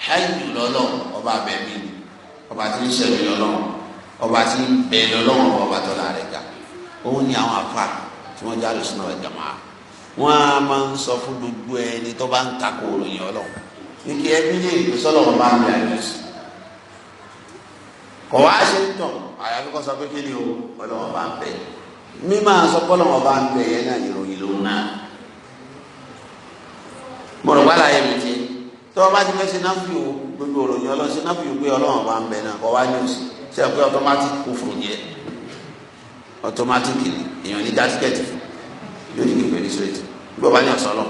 hajj lọ́lọ́ ọba abẹ́mí ọba tí ń ṣẹ̀mí lọ́lọ́ ọba tí ń bẹ lọ́lọ́ ọba tọ́lá rẹ̀ ga òun ni àwọn afa tí wọ́n jáde sínú ọjà máa wọ́n á máa ń sọ fún gbogbo ẹni tó bá ń takò òròyìn ọlọ́run ní kí ẹbí lè gbé sọ́lọ́ kọ̀ wá ṣe ń tọ̀ àyàfi kọ́ sọ pé kí ni o ọlọ́wọ́ bá ń bẹ̀ mí máa sọ pé ọlọ́wọ́ bá ń bẹ̀ yẹn náà ìròyìn ló ná mo rò wá láyé mi ti tí wọ́n bá ti fẹ́ ṣe náà fi o gbogbo òròyìn ọlọ́run ṣe o pé ọlọ́wọ́ bá ń bẹ̀ náà kọ̀ wá ní òsì ṣe é pé automatic kò fò yẹ automatic ni èèyàn ní dátíkẹ́tì fún yóò ní kíkẹ́ ní straight gbogbo bá ní ọ̀sán lọ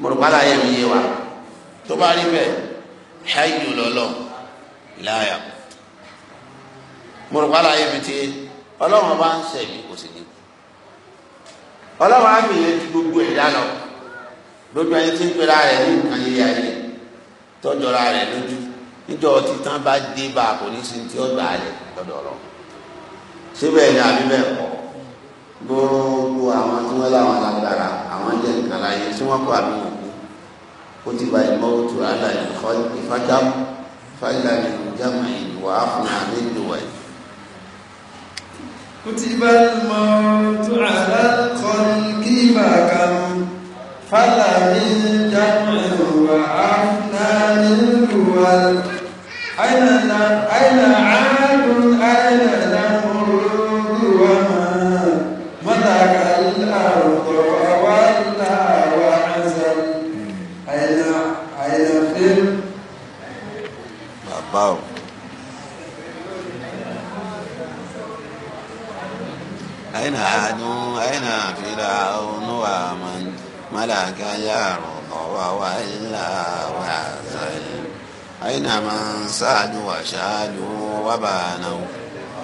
mo rò wá láyé mi yé wa tó bá rí bẹ́ẹ̀ ṣáà láyà mo rò pálá yẹ mi ti ọlọ́run bá ń sẹ̀mí kò sì ní kú ọlọ́run á bìyẹn ju gbogbo ẹ̀dá lọ lójú ẹni tí ń pera rẹ̀ ní nǹkan yẹ ayé tọ́jọ́ra rẹ̀ lójú níjọ́ títàn bá dé bá a kò ní sin tí ó gbà á lẹ̀ lọ́dọ̀ lọ síbẹ̀ ni àbí bẹ́ẹ̀ kọ́ gbogbo àwọn tí wọ́n láwọn lágbára àwọn jẹ́ nǹkan láyé tí wọ́n kọ́ àbí wọn kú ó ti bá ìmọ̀ òtún àlàyé ìfọ́jáwó fáìlà ní ìjàmà ìwà fún àlejòwà yìí. kùtìbà mọ́tò àlàkọ́ni kí màkà fáìlà ní ìjàmà ìwà fún àlejòwà yìí. àìlànà àìlànà. أين عاد أين فرعون ومن ملك الأرض وإلا وعزل أين من سعدوا وشادوا وبانوا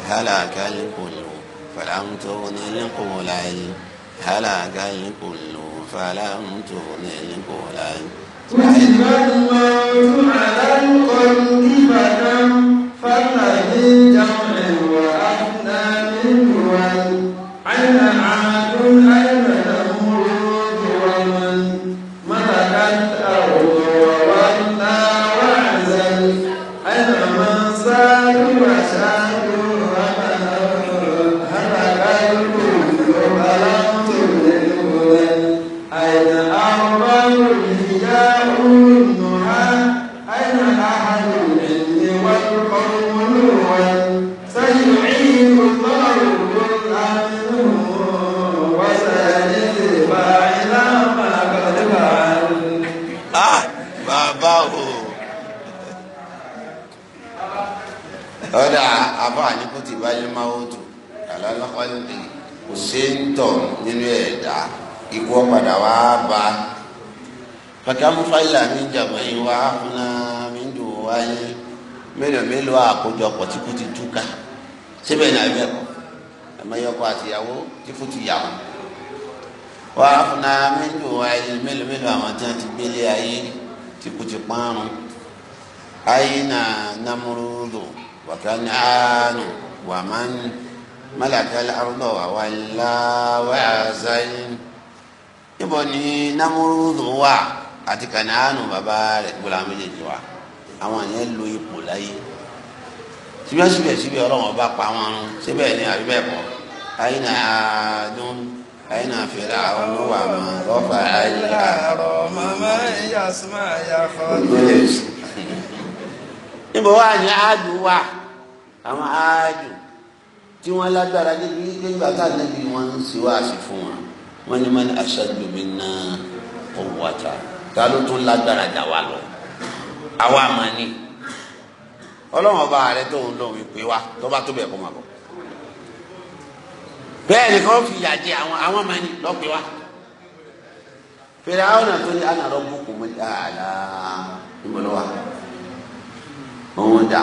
هلك الكل فلم تغن القليل هلك الكل فلم تغن القليل كتب الموت على القلب فنم فلن جمع وأحنى منه Amen. ṣe ń tọ̀ nínú ẹ̀dá ikú ọ̀padà wá bá pàkàmú fáìlà ní ìjàmbá yìí wá fúnra mi ń dùn wáyé mélòó mélòó àkójọpọ̀ tí kú ti túká síbẹ̀ ní abẹ́ kọ́ ẹ̀mẹ́yọkọ àtìyàwó tí kú ti yà wọ́n wá fúnra mi ń dùn wáyé mélòó mélòó àwọn tí wọ́n ti gbélé ayé tí kú ti pọ́nrún ayé náà námúrúdù wàkàní àánú wàmánú malakal arda wa walla wa azayin níbo ni namurudu wà àti kanaanu bàbá rẹ̀ gbọ́dọ̀ àwọn méjèèjì wà àwọn yẹn lo ipò láyé síbẹ̀síbẹ̀síbẹ̀ ọlọ́run ọba pa wọn rún síbẹ̀ ni àbí bẹ́ẹ̀ kọ́ àyìnà àádùn àyìnà fèrè àwọn olówó àmọ́ lọ́fà àyìnà àrọ̀ màmá ìyá súnmọ́ àyà kọ́ níbo wà ní àádùn wà àwọn àádùn tí wọ́n lágbára débi wípé nígbà tá ànábì wọn ń ṣe wáàsí fún wọn wọn ní man ashaddu minna quwwata ta ló tún lágbára dà wá lọ àwa máa ní ọlọ́run ọba rẹ tó ń lọ wípé wa tó bá tó bẹ̀ kó máa bọ̀ bẹ́ẹ̀ ni kò fi jẹ àwọn àwọn máa ní lọ́pẹ́ wa fèrè àwọn àti oní ànàrọ̀ bùkù mọ́ dáadáa ìmọ̀lọ́wà òun dà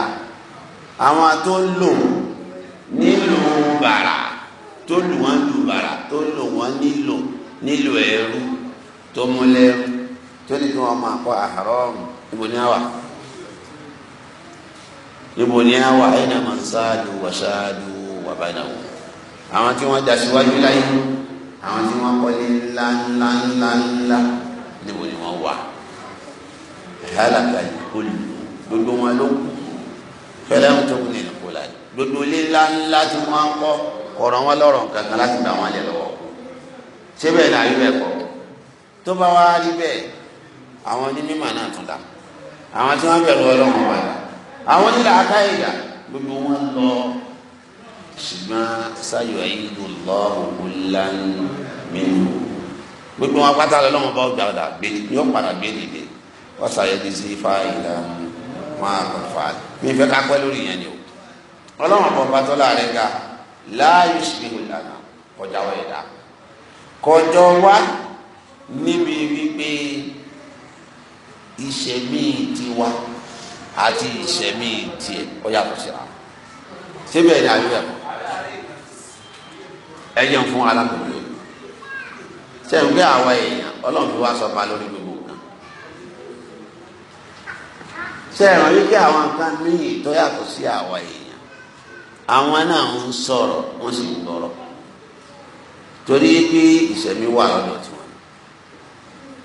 àwọn àti ó ń lò wọ́n nílò bàrà tó lù wọn lù bàrà tó lù wọn nílò nílò ẹrú tó mú lẹrú tó ní kí wọn máa kọ àhárọm ibo ní àwà ibo ní àwà ẹnà máa ń ṣáàdù wà ṣáàdù wà bàdàwò àwọn tí wọn dà síwájú láyé àwọn tí wọn kọ́lé ńlá ńlá ńlá ńlá níbo ni wọn wà hàlàkà ìkọlù gbogbo wọn ló kù fẹlẹ ń tó kù nínú gbogbo ilé ńlá ńlá tí wọ́n ń kọ́ ọ̀rọ̀ wọn lọ́rọ̀ kankan láti gba wọn lẹ̀ lọ́wọ́ ṣé bẹ́ẹ̀ náà rí bẹ́ẹ̀ kọ́ tó bá wá rí bẹ́ẹ̀ àwọn onímọ̀ náà tún dá àwọn tí wọ́n bẹ̀rù ọlọ́run wà àwọn nílà akáyìdá gbogbo wọn lọ ṣùgbọ́n sáyọ̀ ayélu lọ́hùn kúlánù mímu gbogbo wọn pátá lọ́wọ́n bá gbàdá gbé yóò padà gbé nìyẹn wọ́n ṣàyẹ̀ dí sí fáyìlà wọn àkànfà mi fẹ́ ká pẹ́ lórí yẹn ni o ọlọ́run ọba tó láàrin ga láàyè ṣubú ìlànà kọjá wa ẹ̀dá kọjọ wa níbi wípé ìṣẹ̀mí tiwa àti ìṣẹ̀mí tiẹ̀ ó yàtọ̀ síra síbẹ̀ ni àyè ẹ̀kọ́ ẹ̀yẹ ń fún alákùnrin sẹ́yìn pé àwa èèyàn ọlọ́run fi wá sọ pa lórí gbogbo kan sẹ́yìn wípé àwọn kan ní ìtọ́yàtọ̀ sí àwa èèyàn àwọn náà ń sọ̀rọ̀ wọ́n sì ń lọ́rọ̀ torí pé ìṣẹ̀mí wà lọ́dọ̀ tí wọ́n ní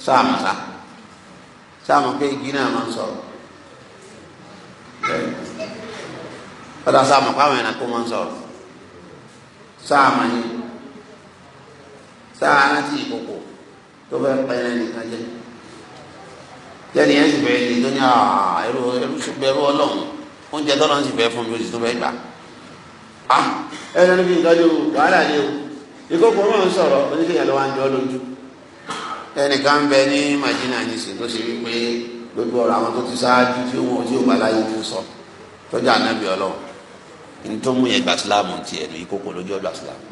sáàmù sá sáàmù pé igi náà máa ń sọ̀rọ̀ ọ̀dà sáàmù pàwọn ẹ̀nà kó máa ń sọ̀rọ̀ sáàmù ni sáà rántí ìkòkò tó fẹ́ pẹ́ẹ́rẹ́ nìkan jẹ́ jẹ́ni ẹ̀ sì fẹ́ ẹni tó ní ẹrú ẹrú sí bẹ́ẹ̀ ọlọ́run oúnjẹ tọ́lọ́run sì fẹ́ fún mi ó sì tún fẹ́ gbà ẹnu níbi ìtọ́jú wàhálà ni o ìkókò náà ń sọ̀rọ̀ oníkéyàn ló wá ń jọ lójú ẹnìkan bẹ ní màjínà ní sè tó ṣe wípé gbogbo ọ̀rọ̀ àwọn tó ti ṣáájú tí wọn tí ò bá láyé mú sọ tọ́jú ànábì ọlọ́run ní tó mú yẹn gba sílámù tiẹ̀ ní ìkókò lójú ọgbà sílámù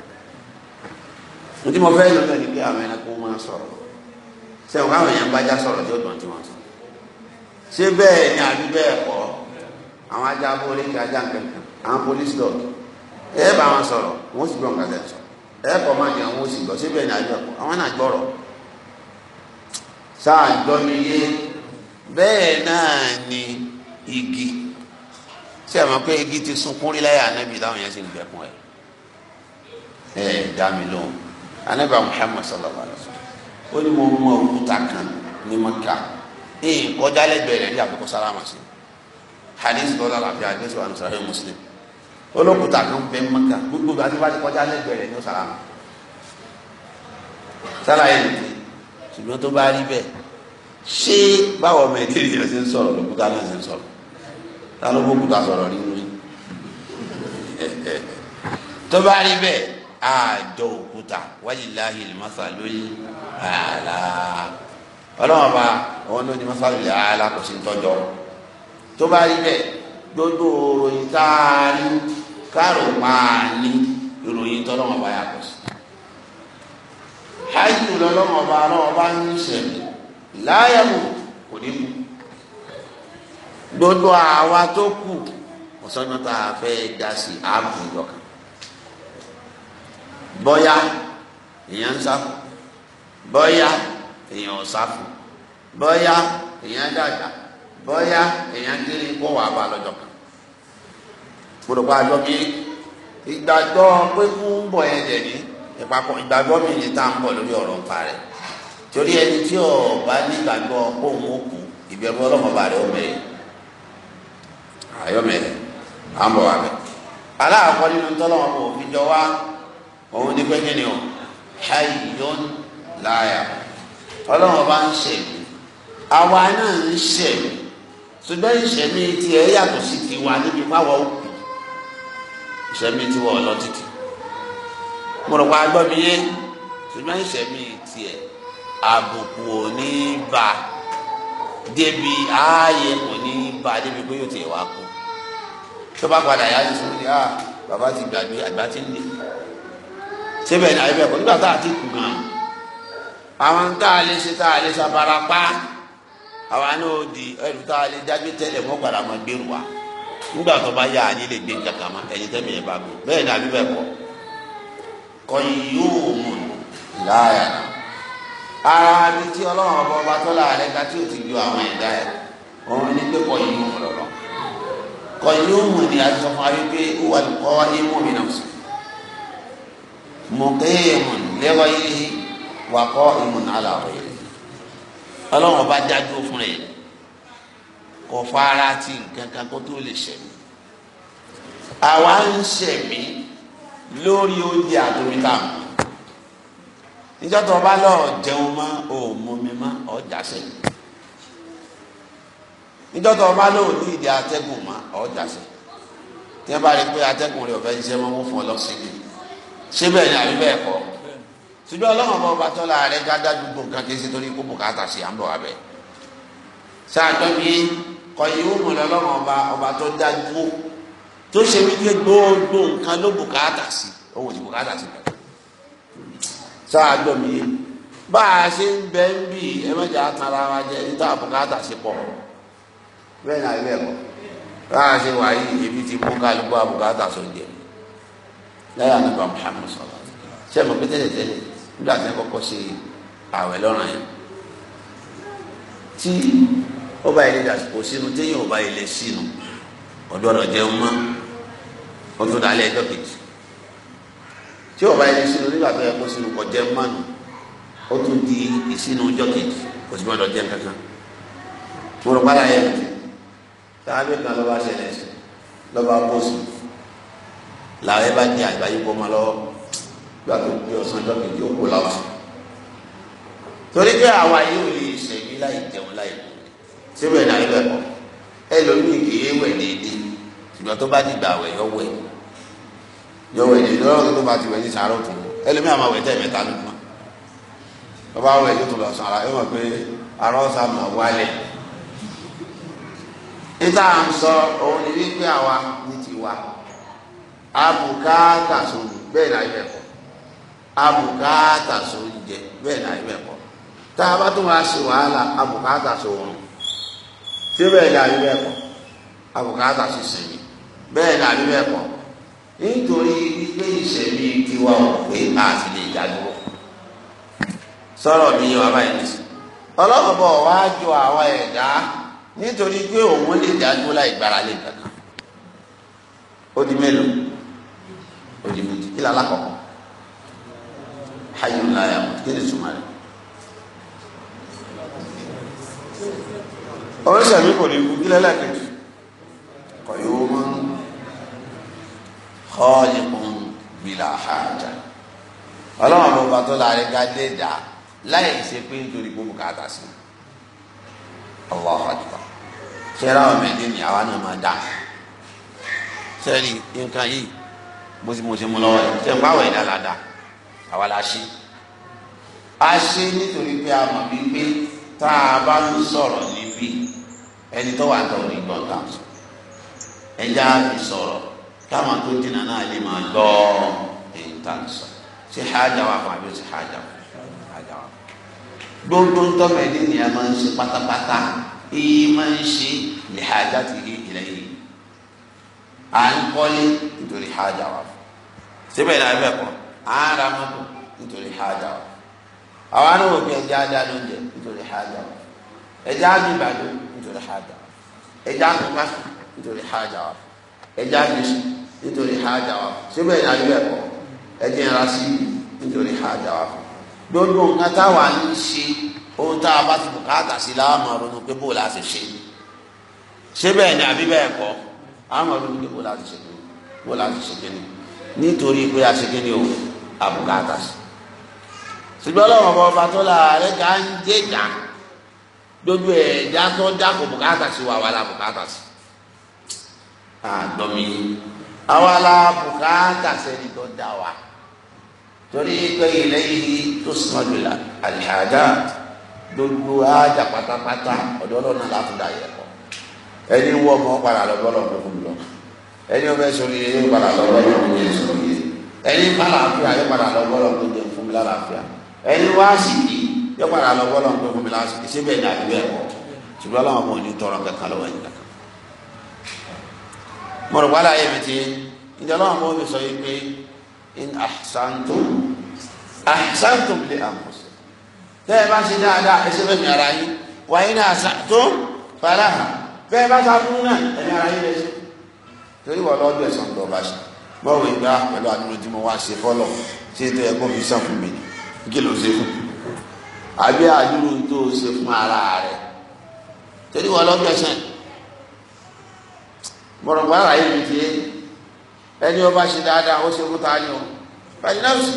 ní tí mo fẹ́ lọ sọ ni pé àwọn ẹranko máa sọ̀rọ̀ sẹ́wọ̀n káwọn èèyàn bá já sọ̀rọ̀ tí ó dùn tí wọ́n sọ ṣé bẹ́ẹ̀ ni àbí bẹ́ẹ̀ kọ́ àwọn ajá abúlé kí ajá nǹkan àwọn police dog ẹ bá wọn sọ̀rọ̀ wọn sì gbọ́ nǹkan tẹ̀ sọ ẹ kọ́ máa jẹ àwọn oṣù gbọ́ síbẹ̀ ní àjọ ẹ̀kọ́ àwọn náà gbọ́rọ̀ sáà gbọ́ mi yé bẹ́ẹ̀ náà ni igi ṣé ẹ mọ̀ pé igi ti sunkún rí láyà anábì láwọn yẹn sì ń gbẹ̀kún ẹ̀ ẹ̀ dá mi lóhùn anábì Muhammad sallallahu alayhi wa sallam ó ní mo mú òkúta kan ní Maka ẹ̀ kọjá lẹ́gbẹ̀ẹ́ rẹ̀ ní àbúkọ sálámà sí hadith dọ́là àbí hadith wa nusra Muslim olókùúta kan bẹ mọ́kà gbogbo àti wájú kọjá lẹ́gbẹ̀ẹ́ rẹ̀ ní sàlámù sálàyé nìkan ṣùgbọ́n tó bá rí bẹ́ẹ̀ ṣé báwo ọmọ ẹ̀dẹ́ ìyẹn ṣe ń sọ̀rọ̀ lókùúta náà ṣe ń sọ̀rọ̀ ta ló bókùúta sọ̀rọ̀ nínú yìí tó bá rí bẹ́ẹ̀ àjọ òkúta wáyìláhi masalóyè àlá ọlọ́wọ́n bá àwọn náà ní masalóyè àlá kò sí ń tọ́jọ́ tó bá rí bẹ́ẹ̀ gbogbo òròyìn tá a rí kárò paani ìròyìn tọ́lọ́mọ bá yàtọ̀ sí. hajj lọ́lọ́mọ bá lọ́wọ́ bá ń ṣẹlẹ̀ láyàwó kò ní kú. gbogbo àwa tó kù ọ̀sọ́nà tá a fẹ́ dá sí ààbùn ìjọkan. bọ́yá èèyàn ń sáfù bọ́yá èèyàn ò sáfù bọ́yá èèyàn dàgbà bọ́yá èèyàn kiri kó wàá bá lọ́jọ́ kan gbọ́dọ̀ pa àjọ mi ìgbàgbọ́ pé kú ń bọ̀ yẹn jẹ̀ ní ìpapọ̀ ìgbàgbọ́ mi ní tá à ń bọ̀ lórí ọ̀rọ̀ ńpa rẹ̀ torí ẹni tí ò bá nígbàgbọ́ òun ó kú ìbẹ̀rù ọlọ́mọba rẹ̀ ó mẹ́rin àyọ̀mẹ́rin à ń bọ̀ wá bẹ̀. aláàkọ́ nínú tọ́lọ́wọ́n kò fi jọ wá òun ní pé kíni o hayyun láyà ọlọ́wọ́n bá ń ṣèlú àwa náà ń ṣèlú ṣùgbọ́n ìṣẹ̀mí tiẹ̀ yàtọ̀ sí tiwa níbi fáwọn òkú ìṣẹ́mi tí wọ́n lọ títì mo rò pa gbọ́ mi yé ṣùgbọ́n ìṣẹ́mi tiẹ̀ àbùkù ò ní bá débi ààyè kò ní bá débi pé yóò tiẹ̀ wá kú tó bá padà yá ti sọ ní à ah, bàbá ti gbàgbé àgbà ti ń lè síbẹ̀ ní ayébẹ̀ kọ́ nígbà tá a ti kù gan àwọn tá a lè ṣe tá a lè ṣàfarapa àwọn náà di ẹ̀rù tá a lè dájú tẹ́lẹ̀ mọ́ padà mọ́ wa nígbà tó bá yá àní lè gbé kankan ma ẹni tẹ́mi ẹ̀ bá gbó bẹ́ẹ̀ ni àbí bẹ́ẹ̀ kọ́ kọ́yí yóò mú un láàyà ara ni tí ọlọ́run ọba ọba tó láàrẹ ká tí ò ti ju àwọn ẹ̀dá ẹ̀ òun ni pé kọ́yí yóò mú lọ́lọ́ kọ́yí yóò mú ni àti sọ́kàn ayé pé ó wà lùkọ́ imú mi náà sùn mùkéèmù lẹ́wọ̀ yìí wà kọ́ imú náà làwọ̀ ọlọ́run ọba dájú fún rẹ̀ yìí kò fara ti nǹkan kan kó tó lè ṣẹ̀mí àwa ń ṣẹ̀mí lórí oúnjẹ àtomi tá a mú níjọ́ tó o bá lọ jẹun mọ́ o ò mọmi mọ́ ọjà sẹ́yìn níjọ́ tó o bá lọ ní ìdí atẹ́gùn mọ́ ọjà sẹ́yìn tí wọ́n bá rí pé atẹ́gùn rẹ̀ ọ̀fẹ́ ń mọ́ wọ́n fún ọ lọ́sibí ṣé bẹ́ẹ̀ ni àbí bẹ́ẹ̀ kọ́ ṣùgbọ́n ọlọ́run ọba ọba tọ́lá rẹ̀ dáadáa gbogbo nǹkan kì í ṣe torí kó bùkátà sí à ń bọ̀ wá bẹ́ẹ̀ ṣáà tọ́ bí kọ̀yìmù lọ́lọ́run ọba ọba tó dá dúró tó ṣe wípé gbogbo nǹkan ló bùkátà sí owó ti bùkátà sí bẹ̀rẹ̀ sọ àgbọ̀mí yé bá a ṣe ń bẹ ń bì ẹ mẹ́jọ atara wa jẹ níta bùkátà sí pọ̀ bẹ́ẹ̀ náà ilé ẹ̀kọ́ bá a ṣe wà yìí ebi ti mú kálukú àbùkátà sọ jẹ lẹ́yìn àgbà Muhammad sọlá ṣé mo pé tẹ́lẹ̀ tẹ́lẹ̀ nígbà tí wọ́n kọ́kọ́ ṣe àwẹ̀ lọ́rùn yẹn tí ó bá ilé dàsìkò sínú téèyàn ò bá ilé sínú ọdún ọ̀dọ̀ jẹun mọ́ wọ́n tún dálé ẹjọ́ kejì tí ò bá ilé sínú nígbà tó yẹ kó sínú kọ jẹun mọ́ ó tún di ìsínú ọjọ́ kejì kò sí gbọ́dọ̀ jẹun kankan mo rò pálá yẹ kùtì táwọn ẹgbẹ́ kan lọ́ba ṣẹlẹ̀ sí lọ́ba bọ́sù làwọn ẹ bá ní àgbáyé kó máa lọ́wọ́ gbà tó gbé ọ̀sán ọjọ́ kejì ó kó láwùjọ torí pé àwa yóò lè ṣẹ̀yìn láì jẹun láì síbẹ̀ náà ibẹ̀ kọ́ ẹlòmíì kì í wẹ̀ déédéé ṣùgbọ́n tó bá gbà wẹ̀ yọ wẹ̀ yọ wẹ̀ déédéé lọ́wọ́ tó bá ti wẹ̀ ní sàárọ̀ tó ẹlòmíì àmà wẹ̀ tẹ́ mẹ́ta nù mọ́ bàbá wẹ̀ yóò tó lọ sàn ara mọ̀ pé ara ọ̀sà mọ̀ wálẹ̀ níta à ń sọ òun ni wípé àwa ní bẹ́ẹ̀ náà jẹ bẹ́ẹ̀ náà tá a bá tún wá ṣe wàhálà ṣé bẹ́ẹ̀ ni àbí bẹ́ẹ̀ kọ́ àbùkátà sì sẹ́yìn bẹ́ẹ̀ ni àbí bẹ́ẹ̀ kọ́ nítorí wípé ìṣẹ̀lẹ̀ tiwa ò pé àti lè dádúró sọ̀rọ̀ mi yẹ wá báyìí nìyí ọlọ́run bọ̀ wá jọ àwa ẹ̀dá nítorí pé òun lè dádúró láì gbára lè gbàgbà ó di mélòó ó di méjì kí lálá kọ̀ọ̀kan hayyu la yamut kí ni sùnmọ́ rẹ̀. ọ̀rọ̀ sàmì kò ní kú kílẹ̀ lákejì kọ̀ yóò mọ́ kọ́ọ̀lì kún bìlà àjà ọlọ́run àwọn ọba tó láàrin ká dé dà láì ṣe pé nítorí gbogbo kàtà sí Allahu Akbar ṣé ráwọn mẹ́tẹ́ ni àwa náà máa dà sẹ́ni nǹkan yìí bó ti mo ṣe mú lọ́wọ́ yìí tẹ̀ ń báwọ̀ ẹ̀dá dà àwa la ṣe a ṣe nítorí pé a mọ̀ bíi pé tá a bá ń sọ̀rọ̀ ní ẹni tó wà tó ní gbọ́n ta ẹja fi sọ̀rọ̀ táwọn tó dínà náà lè máa gbọ́ èyí tá n sọ ṣé hájà wà fún àbí ṣe hájà wà hájà gbogbo ntọ́mọ ẹni ni a máa ń ṣe pátápátá èyí máa ń ṣe lè hájà ti rí ilẹ̀ yìí à ń kọ́lé nítorí hájà wà fún síbẹ̀ náà bẹ̀ kọ́ à ń ra mọ́tò nítorí hájà wà àwọn anáwó bí ẹja dá lóúnjẹ nítorí hájà wà ẹja á bí ìbàdàn nítorí hájà wa ẹja kúpa nítorí hájà wa ẹja bísí nítorí hájà wa síbẹ̀ ní alẹ́ ẹ̀kọ́ ẹjẹ́ ńlá sí nítorí hájà wa gbogbo nǹkan táwa ń ṣe ohun tá a bá ti bùkátà sí láàmú ronú pé bó la ti ṣe síbẹ̀ ní àbí bẹ́ẹ̀ kọ́ àmọ́ ronú pé bó la ti ṣe kí bó la ti ṣe kí ni nítorí pé a ṣe kí ni o àbùkátà sí ṣùgbọ́n ọlọ́run ọba tó rẹ̀ ká ń jẹ́jà dodo ẹja tó dáko bùkátà si wa wàhálà bùkátà sí àdọ̀mí àwàlà bùkátà sẹ́ni tó dá wa torí pé ilẹ̀ yìí tó sọ̀rọ̀ la àlìhàdá dodo àjà pátápátá ọ̀dọ́ ọlọ́run láti dá yẹ kọ́ ẹni wọ ọmọ padà lọ́dọ́ ọlọ́run tó fún mi lọ ẹni ọbẹ̀ sọ̀rọ̀ yẹ padà lọ́dọ́ ọlọ́run tó sọ̀rọ̀ yẹ ẹni bá làáfíà yẹ padà lọ́dọ́ ọlọ́run tó jẹ fún mi lálàáfíà ẹni wá sì yóò padà lọ bọ́ lọ́n pé fún mi láti ṣe bẹ́ẹ̀ ní àdúgbò ẹ̀kọ́ ṣùgbọ́n ọlọ́run ọmọ òní tọrọ kankan lọ́wọ́ ẹ̀yìn kankan. mo rò wálá ayé mi ti ǹjẹ́ ọlọ́run ọmọ mi sọ yìí pé in ahsantum ahsantum li àmọ̀sẹ̀ tẹ́ ẹ bá ṣe dáadáa ẹ ṣe fẹ́ mi ara yín wà in ahsantum falaha tẹ́ ẹ bá ṣe fún náà ẹ̀mí ara yín lẹ́sẹ̀ torí wọ́n lọ́dún ẹ̀sán lọ́ọ́ bá ṣe báwo ìgbà ah, pẹ̀lú àdúró tí mo wá ṣe fọ́lọ̀ ṣé tó yẹ kó fi sàn fún mi kí ló ṣe fún mi àbí àdúró tó o ṣe fún ara rẹ̀ torí wọn lọ́gbẹ̀sẹ̀ bọ̀rọ̀gbọ́n ara yìí ti ẹni ọba ṣe dáadáa ó ṣe kó ta ni o fàjìláwùsì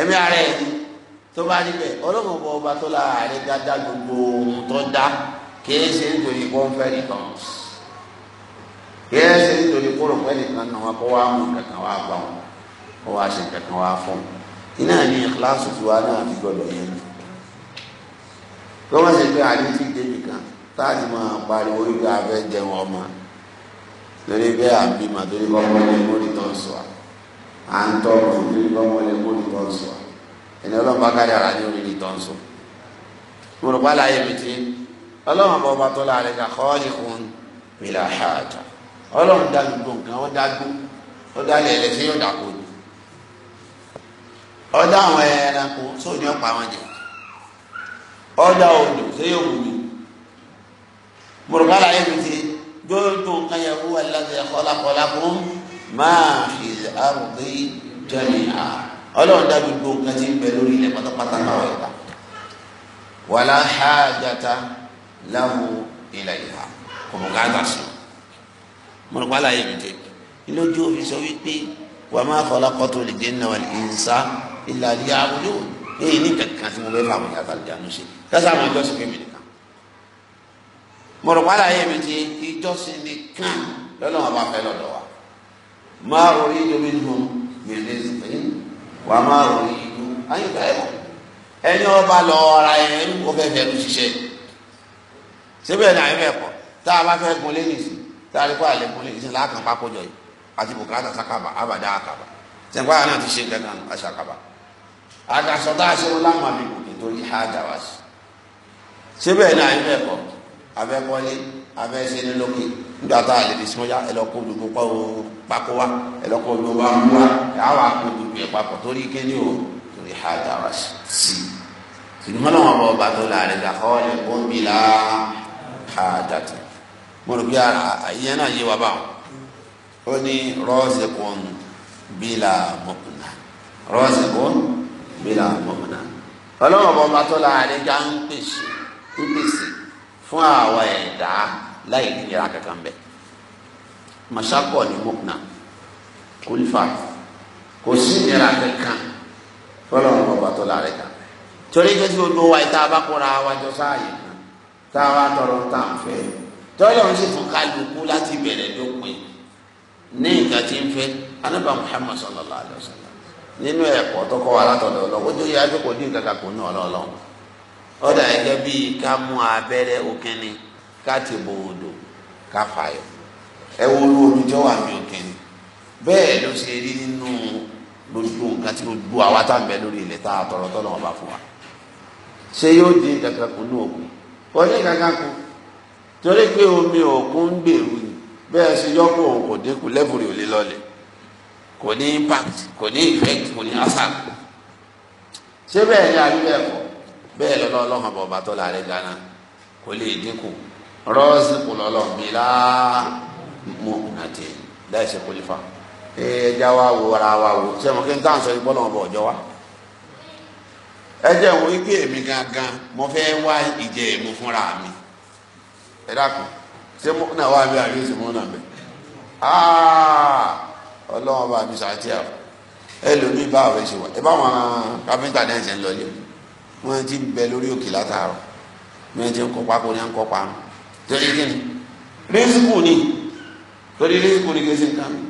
ẹ̀mí ara ẹ̀ ni tó bá níbẹ̀ ọlọ́run bọ̀ ọba tó lára rẹ̀ dáadáa gbogbo ohun tó dá kìí ṣe nítorí kọ́ńfẹ́rì kan kìí ṣe nítorí kọ́ńfẹ́rì kan náà wọn kọ́ wá mú kankan wá gbà wọn kọ́ wá ṣe kankan wá fún un iná ní ìkíláàsì tiwa náà fi gbọdọ̀ yẹn ni kọ́ wọ́n ṣe pé àní ti débi kan táàtì máa pariwo wípé a fẹ́ jẹun ọmọ lórí pé à ń bímọ torí kọ́ mọ́ lé mórí tó ń sọ à ń tọrọ torí kọ́ mọ́ lé mórí tó ń sọ ẹni ọlọ́run bá kárí ara ní orílẹ̀ tó ń sọ. mo rò pálá ayé mi ti ọlọ́run bá ọba tó láàrin ká kọ́ọ́lì kún mi là ṣáàjà ọlọ́run dá gbogbo nǹkan ó dá gbó ó dá lẹ́lẹ́ sí yóò dà kó ni àwọn ẹranko sóò ní ọ̀pá wọn ọjà òdò sẹ́yìn òwú mi mùrùkálà yẹn ti dóòtò nǹkan yẹn fún aláṣẹ kọlákọlá fún máa fi àrùkí jẹni à ọlọ́run dá gbogbo nǹkan tí ń bẹ lórí ilẹ̀ pátápátá náà ẹ̀ka wàlá hájata láhu ilẹ̀ ìhà kò bùkátà sí mùrùkálà yẹn ti lójú òfin sọ wípé wàá má kọlákọ́tò lè dé náà wà ní ìsá ìlàlí àwùjọ ní ní kankan si mo fẹ́ fà wọn yàtọ̀ àlùjánu ṣe kásá àwọn ìjọsìn fún mi nìkan mo rò pàdé ayé mi ti ìjọsìn nìkan lọ́nà wọn bá fẹ́ lọ́dọ̀ wa máa rò yí domi nù mìíràn ẹ̀sìn fún yín wàá máa rò yí nù ayé bá yẹ ẹni ọba lọ ọ̀ra yẹn ó fẹ́ fẹ́ lu ṣiṣẹ́ síbẹ̀ náà ẹ̀ fẹ́ kọ́ tá a bá fẹ́ gun lé nìsí tá a lè kọ́ àlẹ́ gun lé nìsí láàkàn pákó jọ yìí àti bùkátà sákàbà àbàdà àkàbà sẹ́ńkọ́ àyà náà ti ṣe gángan àṣàkàbà àgàsọ tá a ṣe wọn láwọn àbíkù nítorí hájà wá sí. síbẹ̀ náà ayé bẹ́ẹ̀ kọ́ abẹ́kọ́lé abẹ́sẹ̀ ní lókè nígbà tá a lè fi sọ́yà ẹlọ́kọ́ gbogbo pa o pako wa ẹlọ́kọ́ gbogbo wa mú wa àwọn àpò gbogbo ẹ̀ papọ̀ torí kéde o torí hájà wá sí. ṣùgbọ́n náà wọn bọ̀ bàtọ́ láàrin gàkọ́ ẹ̀ kó ń bì lá hájà tó mo rò pé ìyẹn náà yé wa báwọn ó ní rọ́ọ̀sì kan bílà mọ̀kùnà rọ́ọ̀sì kan bílà àmọ́mọ́nà ọlọ́run ọba ọba tó lára rẹ̀ já ń pèsè ń pèsè fún àwa ẹ̀dá láì nira kankan bẹ́ẹ̀ masakọ ni mọ́kùnà kólífà kò sí nira kankan ọlọ́run ọba tó lára rẹ̀ já torí pé tí gbogbo wa ìta bá kóra wájọ sáàyè kan tá a wá tọrọ tá a fẹ́ tọ́lọ́run sì fún kálukú láti bẹ̀rẹ̀ dópin ní nǹkan tí ń fẹ́ anábà Muhammad sallallahu alayhi wa sallam. nínú ẹ̀kọ́ tó kọ́ wa látọ̀dọ̀ ọlọ́wọ́ tó yẹ adókò dín kankan kò ní ọlọ́ọ̀lọ́ ó dà gẹ́gẹ́ bíi ká mú abẹ́rẹ́ òkínni ká ti bò odò ká fàyọ̀ ẹ wo olú omi wà mí òkínni bẹ́ẹ̀ ló ṣe rí nínú gbogbo nǹkan tí gbogbo àwa tá à ń bẹ lórí ilẹ̀ tá a tọrọ bá fún wa ṣé yóò dín kankan kò ní kò ní kankan kò ní impact kò ní effect kò ní asar ṣé bẹ́ẹ̀ ni àbí bẹ́ẹ̀ kọ́ bẹ́ẹ̀ lọ́nà ọlọ́hàn bọ̀bá tó la rẹ̀ gánà kò lè dínkù rọ́ọ̀sì kò lọ́lọ́ mi lá mú nàti láì ṣe kólífà ẹja wa wo ara wa wo ṣé mo kí n tán sọ bọ́lá náà bọ̀ ọjọ́ wa ẹ jẹ́ wo ike èmi gangan mo fẹ́ wá ìjẹ́ èmi fúnra mi ẹ dákun ṣé mo náà wá bí àbí mo náà bẹ́ẹ̀ aaa. ọlọ́wọ́n bá mi sàtì àfọ ẹlòmíì bá àwọn ẹṣẹ wà ẹ bá wọn káfíńtà náà ṣe ń lọ ilé wọn ti bẹ lórí òkè látàárọ̀ wọn ti ń kọ pákó ní à ń kọ pa torí kí ni rísíkù ni torí rísíkù ni kí n ṣe nǹkan mi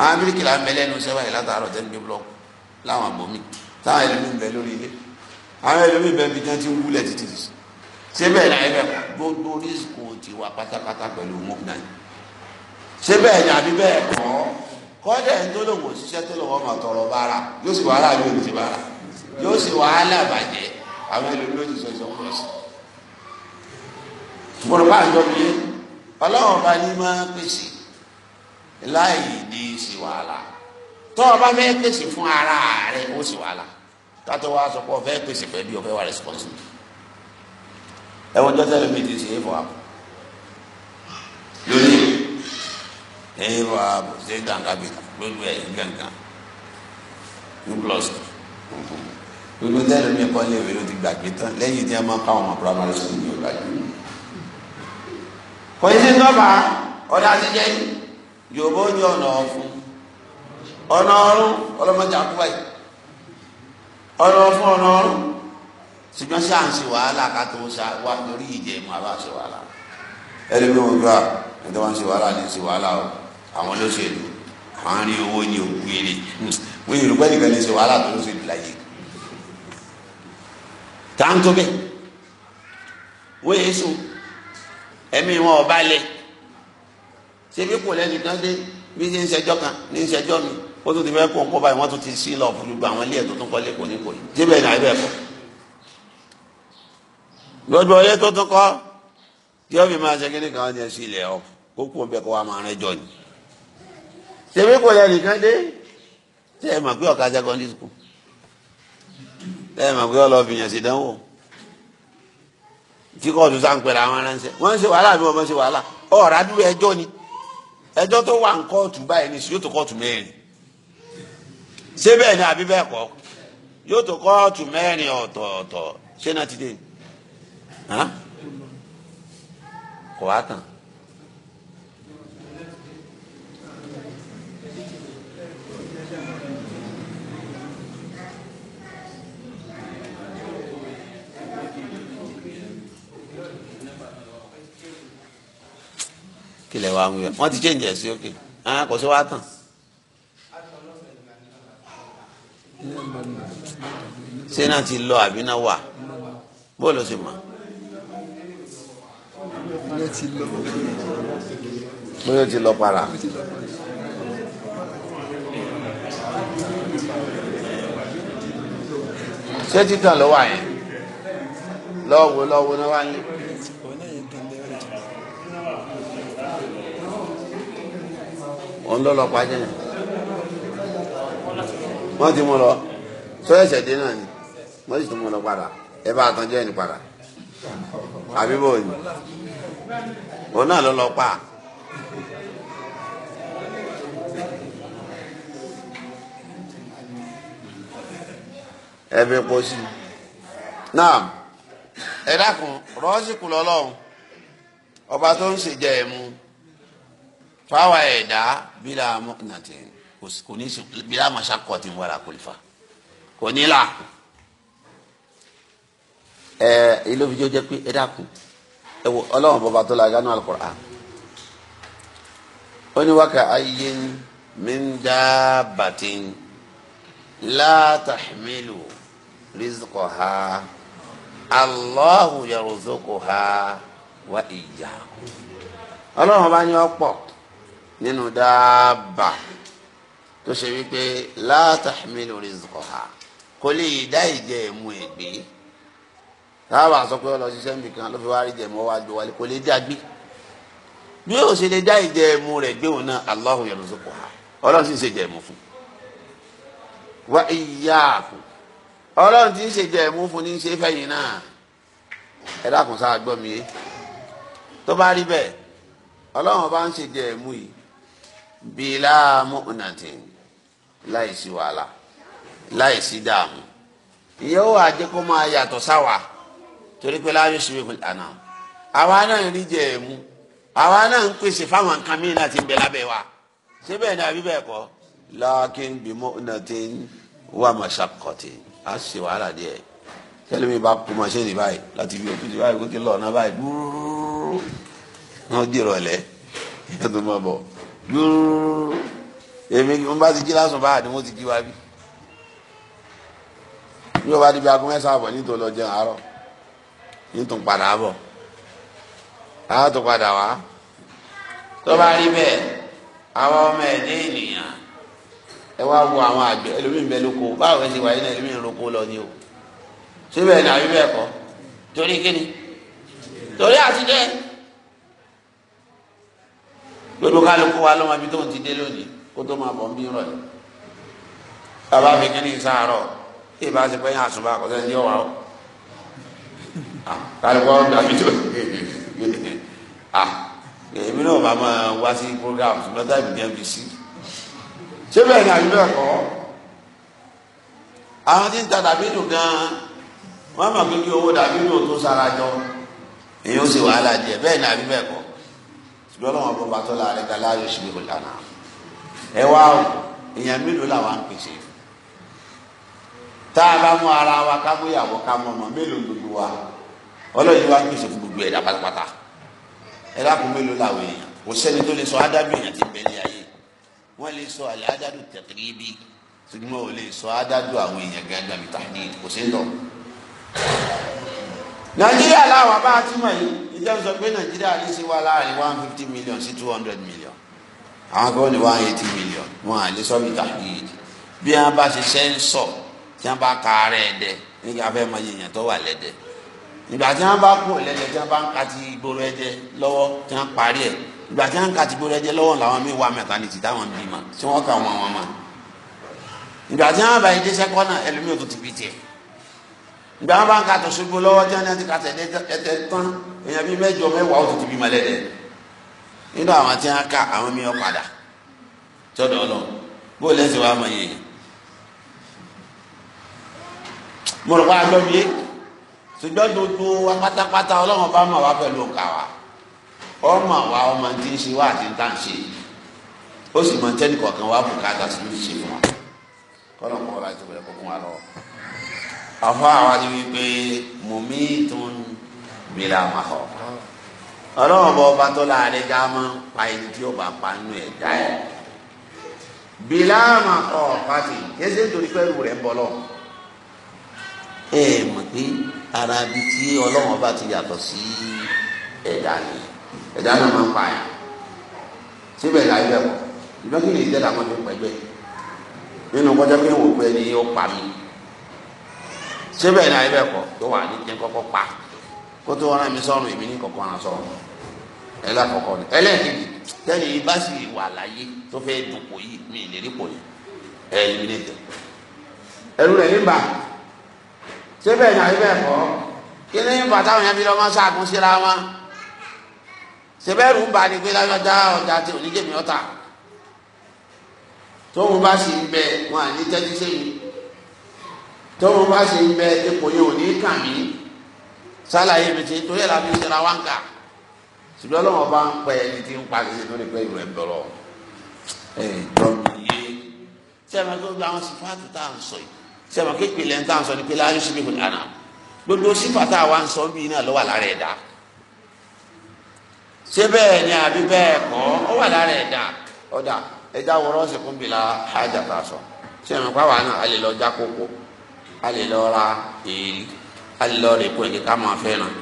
àwọn abiriki là ń bẹ lẹ́nu iṣẹ́ báyìí látàárọ̀ tẹ ń gbé búlọọkù láwọn àbòmí táwọn ẹlòmíì bẹ lórí ilé àwọn ẹlòmíì bẹ bí kan ti ń wúlẹ̀ títí síbẹ̀ náà ẹ bẹ kọ gbogbo rísíkù ti wà pátápátá pẹ̀lú mọ́kúnáyì síbẹ̀ ni àbí bẹ́ẹ̀ kọ́ kọ́dà ẹni tó lòun òṣìṣẹ́ tó lòun ọmọ tọrọ bára yóò sì wàhálà yóò ní ti bára yóò sì wàhálà bàjẹ́ àwọn ẹlòmíràn ti sọ ìsọkúrọ̀ sí. ṣùgbọ́n bá àjọ mi ọlọ́run bá ní máa pèsè láì ní í sí wàhálà tó o bá fẹ́ pèsè fún ara rẹ ó sì wàhálà kátó wa sọ pé o fẹ́ pèsè pẹ̀lú o fẹ́ wà responsible. ẹ wọ́n jọ́ tẹ́lẹ̀ mi ti ṣe é fọ́ àpò. ee wa se ganga bi gbogbo ẹ ganga two plus gbogbo tẹ́lẹ̀ mi kọ́ léwé ló ti gbàgbé tán lẹ́yìn tí a máa ká ọmọ primary school ní ọ̀la yìí kò sí nọ́ọ̀bà ọ̀dà ti jẹ́ yorùbá ó ní ọ̀nà ọ̀fun ọ̀nà ọ̀run ọlọ́mọdé àkúwà yìí ọ̀nà ọ̀fun ọ̀nà ọ̀run ṣùgbọ́n ṣáà ń ṣe wàhálà ká tó ṣá wà lórí ìjẹ́ àbá ṣe wàhálà ẹni bí mo gbà ẹni tó ṣe wàhálà ní ṣe wàhálà o àwọn olóṣèlú àwọn rí owó ní ògbére wọ́n yìí rúgbẹ́ nìkan lè ṣe wàhálà tó lóṣèlú láyé tàǹtó bẹ́ẹ̀ wọ́n yẹ so ẹ̀mí wọn ò balẹ̀ ṣebí kò lẹ́nu kan dé bí ṣe ń ṣẹjọ́ kan ní ṣẹjọ́ mi ó tún ti fẹ́ kó nǹkan báyìí wọ́n tún ti sí lọ fún gbogbo àwọn ilé ẹ̀ tó tún kọ́ lẹ́kọ̀ọ́ nípò yìí débẹ̀ náà ẹ̀bẹ̀ kọ́ gbogbo ilé tó tún kọ́ tí ó fi máa ṣe kíní kan ní ẹ̀ sí ilẹ̀ ọ kó kú òun kó wa máa rẹ́jọ ni. tèmi kò lẹ nìkan dé tẹ ẹ mọ̀ pé ọ̀ka secondary school tẹ ẹ mọ̀ pé ọlọ́ọ̀bìyàn sì dánwò tí kóòtù sáǹpẹ̀lẹ̀ àwọn ni ẹjọ tó wà ń kóòtù báyìí ní yóò tó kóòtù ṣé ni àbí yóò tó kóòtù kílẹ̀ wa mú yẹ wọ́n ti change ẹ̀ òkè ah kò sí wa tán. ṣé náà ti lọ àbí náà wà bó ló ṣe mọ̀. bóyá ti lọ para. ṣé títàn ló wà yẹn lọ́wọ́ lọ́wọ́ náà wá ń òun ló lọ pa jẹ́ yẹn wọ́n ti mú lọ tó ẹ̀ṣẹ̀ dé náà ni wọ́n sì tún mú lọ padà ẹ bá tán jẹ́ ẹni padà àbí bò ní òun náà ló lọ pa. ẹbí pọ̀ sí náà ẹ dákun rọ́ọ̀sì kù lọ́lọ́run ọba tó ń ṣèjẹ́ ẹ̀ mú fáwa ẹ̀dá bílà mọ́nàtì kò ní sùn bílà mọ́sàkọ́tì wàrà kòlífà kò ní là. ẹ ilé òfin jẹ́ pé ẹ dákun ẹ wo ọlọ́run bọba tó la gánà al-Qur'an ó ní wákà ayé min dabbatin la tahmilu rizqaha Allahu yarzuquha wa iyyakum ọlọ́run bá ní ọ pọ̀ nínú dáàbà tó ṣe wípé látàmílò rìzùkọ̀hà kò lè dá ìjẹ́ ẹ̀mú ẹ̀gbé táwa sọ pé ọlọ́ọ̀ ṣiṣẹ́ nìkan ló fi wá rí jẹ̀mú wá gbé wálé kò lè dá gbé bí ó ṣe lè dá ìjẹ́ ẹ̀mú rẹ̀ gbé òun náà Allahu yarzuquha ọlọ́run sì ṣe jẹ̀mú fún wa iyyakum ọlọ́run ti ṣe jẹ̀mú fún ní ṣe fẹ́yìn náà ẹ dákun sáà gbọ́ mi tó bá rí bẹ́ẹ̀ ọlọ́run bá ń ṣe jẹ̀mú yìí bílá mọ́nàtì láì sí wàhálà láì sí dààmú ìyẹn ó wà jẹ́ kó máa yàtọ̀ sáwà torí pé láyé ṣubú ìpínlẹ̀ àná àwa náà ń rí jẹ ẹ̀mú àwa náà ń pèsè fáwọn nǹkan míì láti bẹ lábẹ́ wa ṣé bẹ́ẹ̀ ni àbí bẹ́ẹ̀ kọ́ lákín bí mọ́nàtì wà mọ́ṣàkọ̀tì á ṣe wàhálà díẹ̀ kẹlẹ́mi bá kú mọ́ṣẹ́ni báyìí láti fi òkú ti báyìí kókè lọ́ọ̀nà báyìí gbúrúrú wọ́n jèrò ẹ̀lẹ́ yàtọ̀ máa bọ̀ gbúrú èmi ń bá ti jí lásán báyà ni wọ́n ti jí wá bí bí wọ́n bá di bí aago mẹ́sàn-án àbọ̀ ní tòun lọ jẹun àárọ̀ ní tòun padà bọ̀ láwọn tó padà wá tó bá rí bẹ́ẹ̀ àwọn ọmọ ẹ̀dẹ́ ènìyàn ẹ wá wo àwọn àgbẹ̀ ẹlòmíín bẹ lóko báwo ẹ ti wáyé náà ẹlòmíín lóko lọ ni o síbẹ̀ ní àbí bẹ́ẹ̀ kọ́ torí kíni torí àtijọ́ gbogbo kálukú wa lọ́mọ ibi tó ń ti dé lónìí kó tó máa bọ̀ ń bí rọ̀ yìí bàbá mi kí ni sàárọ̀ tí ì bá ṣe pé yín àṣùbà kò sẹ́ni yóò wá o kálukú ọ̀hún dàbí tó èmi náà bá máa wá sí program ṣùgbọ́n táìpì ní mbc ṣé bẹ́ẹ̀ ni àbí bẹ́ẹ̀ kọ́ àwọn tí ń ta dàbí dùn gan-an wọ́n á mọ̀ pé kí owó dàbí dùn tó sára jọ èyí ó sì wàhálà díẹ̀ bẹ́ẹ̀ ni àbí bẹ́ẹ̀ kọ́ ṣùgbọ́n lọ́wọ́ bó bá tọ́lá rẹ̀ gàlá yóò ṣe wíwọ̀ lánà ẹ wá o èèyàn mélòó làwọn ń pèsè tá a bá mú ara wa ká mú ìyàwó ká mú ọmọ mélòó gbogbo wa ọlọ́yin wa ń pèsè fún gbogbo ẹ̀dá pátápátá ẹ lákùn mélòó làwọn èèyàn kò sẹ́ni tó lè sọ ádámù èèyàn ti bẹ̀ ní ayé wọ́n lè sọ àlẹ́ ádádù taqribi ṣùgbọ́n ò lè sọ ádádù àwọn èèyàn gángan mi tàbí kò sí lọ nàìjíríà làwọn abá ti mọ̀ yìí ìjọba sọ pé nàìjíríà lè ṣe wà láàrin one fifty million sí two hundred million àwọn kan ní one eighty million wọn à lè sọ bí tàbíyèdè bí wọn bá ṣe sẹ́ńsọ̀ tí wọn bá ka ara ẹ̀ dẹ nígbà fẹ́ máa yẹ èèyàn tó wà lẹ́dẹ̀ ìgbà tí wọn bá kú lẹ́dẹ̀ tí wọn bá ń ka ti ìgboro ẹ̀dẹ̀ lọ́wọ́ tí wọn parí ẹ̀ ìgbà tí wọn ń ka ti ìgboro ẹ̀dẹ̀ lọ́wọ́ làwọn míì wà mẹtánìtì táwọn ń bímọ tí wọn kà wọn wọn mọ ìgbà tí wọn bá yẹ dé sẹ́kọ́nà ẹlòmíràn tó ti bí tiẹ̀ gbà wọn bá ń katọ̀ ṣubú lọ́wọ́ tí wọn ti katọ̀ ẹ̀tẹ̀ tán èèyàn bíi mẹ́jọ mẹ́wàá òtútù bíi malẹ́dẹ̀ nínú àwọn tí wọn ká àwọn mìíràn padà tọ́dọ̀ ọlọ́ bó lẹ́sìn wa mọ̀ yìí mo rò pa àgbọ̀ bíi ṣùgbọ́n gbogbo wa pátápátá ọlọ́run bá mọ̀ wá pẹ̀lú òǹkà wa ọmọ wa ọmọ tí ń ṣe wá àti tá à ń ṣe ó sì mọ̀ tẹ́nìkọ̀ọ̀kan wá bùkátà sí ní ṣe fún wa kọ́ ọ́ láti wẹ̀ kó fún wa lọ́wọ́. afọ àwọn ti wí pé mùmí tún bìlà bọ ọba tó láàrin ká máa pa ẹni tí ọba pa nínú ẹ̀dá ẹ̀ bìlà ń lọ. ẹ pé ara bi tí ọba ti yàtọ̀ sí ẹ̀dá ni ẹ̀dá náà máa ń pa ẹ̀ síbẹ̀ bẹ̀ kọ́ nínú kọjá pé wò ó pa ṣé bẹ́ẹ̀ ni àyè bẹ́ẹ̀ kọ́ tó wà ní kí n kọ́kọ́ pa kó tó wọn mi sọ̀rọ̀ èmi ní kọ̀kọ́ ràn sọ̀rọ̀ ẹlẹ́kọ̀ọ́kọ́ ni ẹlẹ́kejì tẹ́lẹ̀ yìí bá sì wà láyé tó fẹ́ dùnkù yìí mi ìlérí pọ̀ yìí ẹ̀ ẹ̀mí ní ìtẹ̀ ẹ̀rù rẹ̀ ní bà ṣé bẹ́ẹ̀ ni àyè bẹ́ẹ̀ kọ́ kí ni bàtà òyìn bí lọ́mọ sáàkún síra wọn ṣe bẹ́ẹ̀ rù ń bà ní pé lájọ́jà ọjà tí oníjèmí ọ̀tà tóun bá sì ń bẹ wọn à ní tẹ́tí tọ́rọ bá ṣe ń bẹ ipò yìí ò ní kàn mí sálàyé mi ti torí ẹ̀ la fi ṣẹlá wá ń kà ṣùgbọ́n ọlọ́wọ́n bá ń pẹ ẹni tí ń pa kìí lórí pé ìrẹ̀ ń bọ̀rọ̀ ẹ̀ dọ́mi yé sẹ́mi kó gba àwọn sífàtù tá à ń sọ yìí sẹ́mi kó ìpìlẹ̀ tá à ń sọ ni pé láyé síbi kò dáná gbogbo sífàtà wa ń sọ bí náà ló wà lára ẹ̀dá ṣé bẹ́ẹ̀ ni àbí bẹ́ẹ̀ kọ́ ó wà lára ẹ̀dá ọ̀dà ẹ̀dá wọ̀rọ̀ ọ̀sẹ̀ kún bìlà hájà tá a sọ sẹ́mi kó àlè lọ já kókó a lè lọ ra èyí a lè lọ rè kó èyí ká máa fẹ́ràn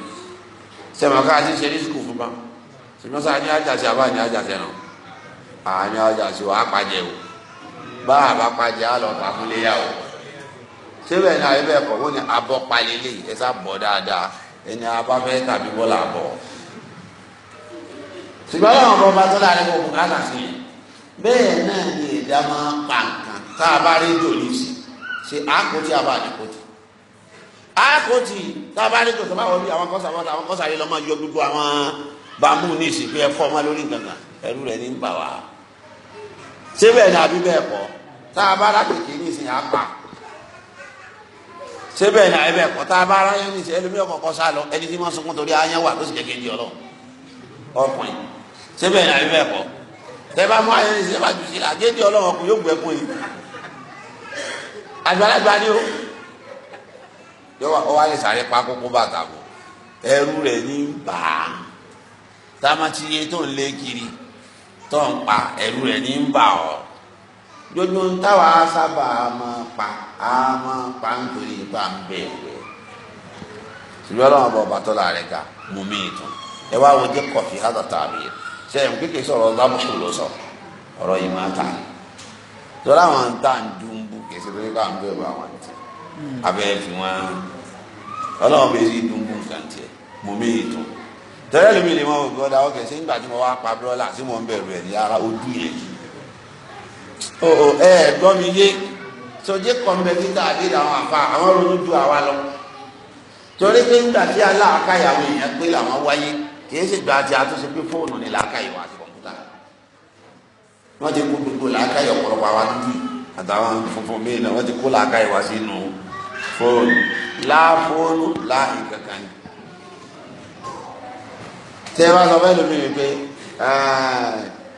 sẹ́wọ̀n ká ti ṣe ní sukùl fún bá ṣùgbọ́n sáà ní àjàsí àbá ní àjàsí ẹ̀ràn àní àjàsí o bá a bá pàjẹ́ á lọ ta fún léyà o síbẹ̀ ní àyè bẹ́ẹ̀ kọ́ wọ́n ní abọ́ palẹ̀lẹ̀ ẹ sá bọ̀ dáadáa ẹni abáfẹ́ tàbí bọ́lá bọ̀ ṣùgbọ́n àwọn ọba tó láàrin kò kò ká bẹ́ẹ̀ náà ni ẹ̀dá máa pa nǹkan tá a ṣe àkótì àbá àdìkótì àkótì tábà ní tòṣọ́ báwo ni àwọn kọ́sà bọ́tà àwọn kọ́sà yìí lọ́ máa yọ gbogbo àwọn bambú ní ìsìnkú ẹ̀fọ́ ọmọ lórí gangan ẹ̀rú rẹ̀ ní bà wá ṣé bẹ́ẹ̀ ni àbí bẹ́ẹ̀ kọ́ tá a bá rákèké ní ìsìn àpá ṣé bẹ́ẹ̀ ni àbí bẹ́ẹ̀ kọ́ tá a bá ráyán ní ìsìn ẹlòmíràn kọ́kọ́ sá lọ ẹni tí wọ́n sunkún torí ayán wà tó sì kékeré di ọlọ́ ọkùnrin ṣé bẹ́ẹ̀ ni àbí bẹ́ẹ̀ kọ́ tẹ́ bá mú ayán ní ìsìn ẹ àgbàlagbà ni o yọwọ ọwọ alẹ sáré pa kókó bàtà bò ẹrú rẹ ní bà á tamatiye tó ń lé kiri tó ń pa ẹrú rẹ ní bà ọ jojo ń táwa sábà máa pa á máa pa nítorí ipa ń bẹ ìwé ṣùgbọ́n ọlọ́run bọ̀ bàtọ́ la rẹ̀ ká mú mi ìtàn ẹ wá wo jẹ́ kọfí hádà tàbí ṣe ẹ̀ ń kékeré sọ̀rọ̀ lábùkù ló sọ ọ̀rọ̀ yìí máa ta ni tọ́lá àwọn ń tà ń dùn ṣe lórí bá ń bẹ̀rù àwọn ti abẹ́ fi wọn ọlọ́run bẹ sí dùnkùn kan tiẹ̀ mo mí ìtàn tẹ́lẹ̀ lómi lè mọ bọ́dà ọkẹ́ ṣé nígbà tí mo wá pa bírọ́là tí mo ń bẹ̀rù ẹ̀ ní ara ojú yẹn o ẹ gbọ́ mi yé sọjẹ́ kọ́mpẹ́títà àdé àwọn àfa àwọn ronú ju àwa lọ torí pé nígbà tí aláàkáyàwó èèyàn pé làwọn wáyé kì í ṣègbà àti àtúnṣe pé fóònù ni làákàyè wà àti kọ̀ǹpútà wọn ti kó gbogbo làákàyè ọ̀pọ̀lọpọ̀ àwa dúdú yìí àtàwọn funfun míì náà wọ́n ti kó làákà ìwá sínú fóònù láfóònù láì kankan ni. tẹ́ ẹ bá sọ fẹ́ lómi wípé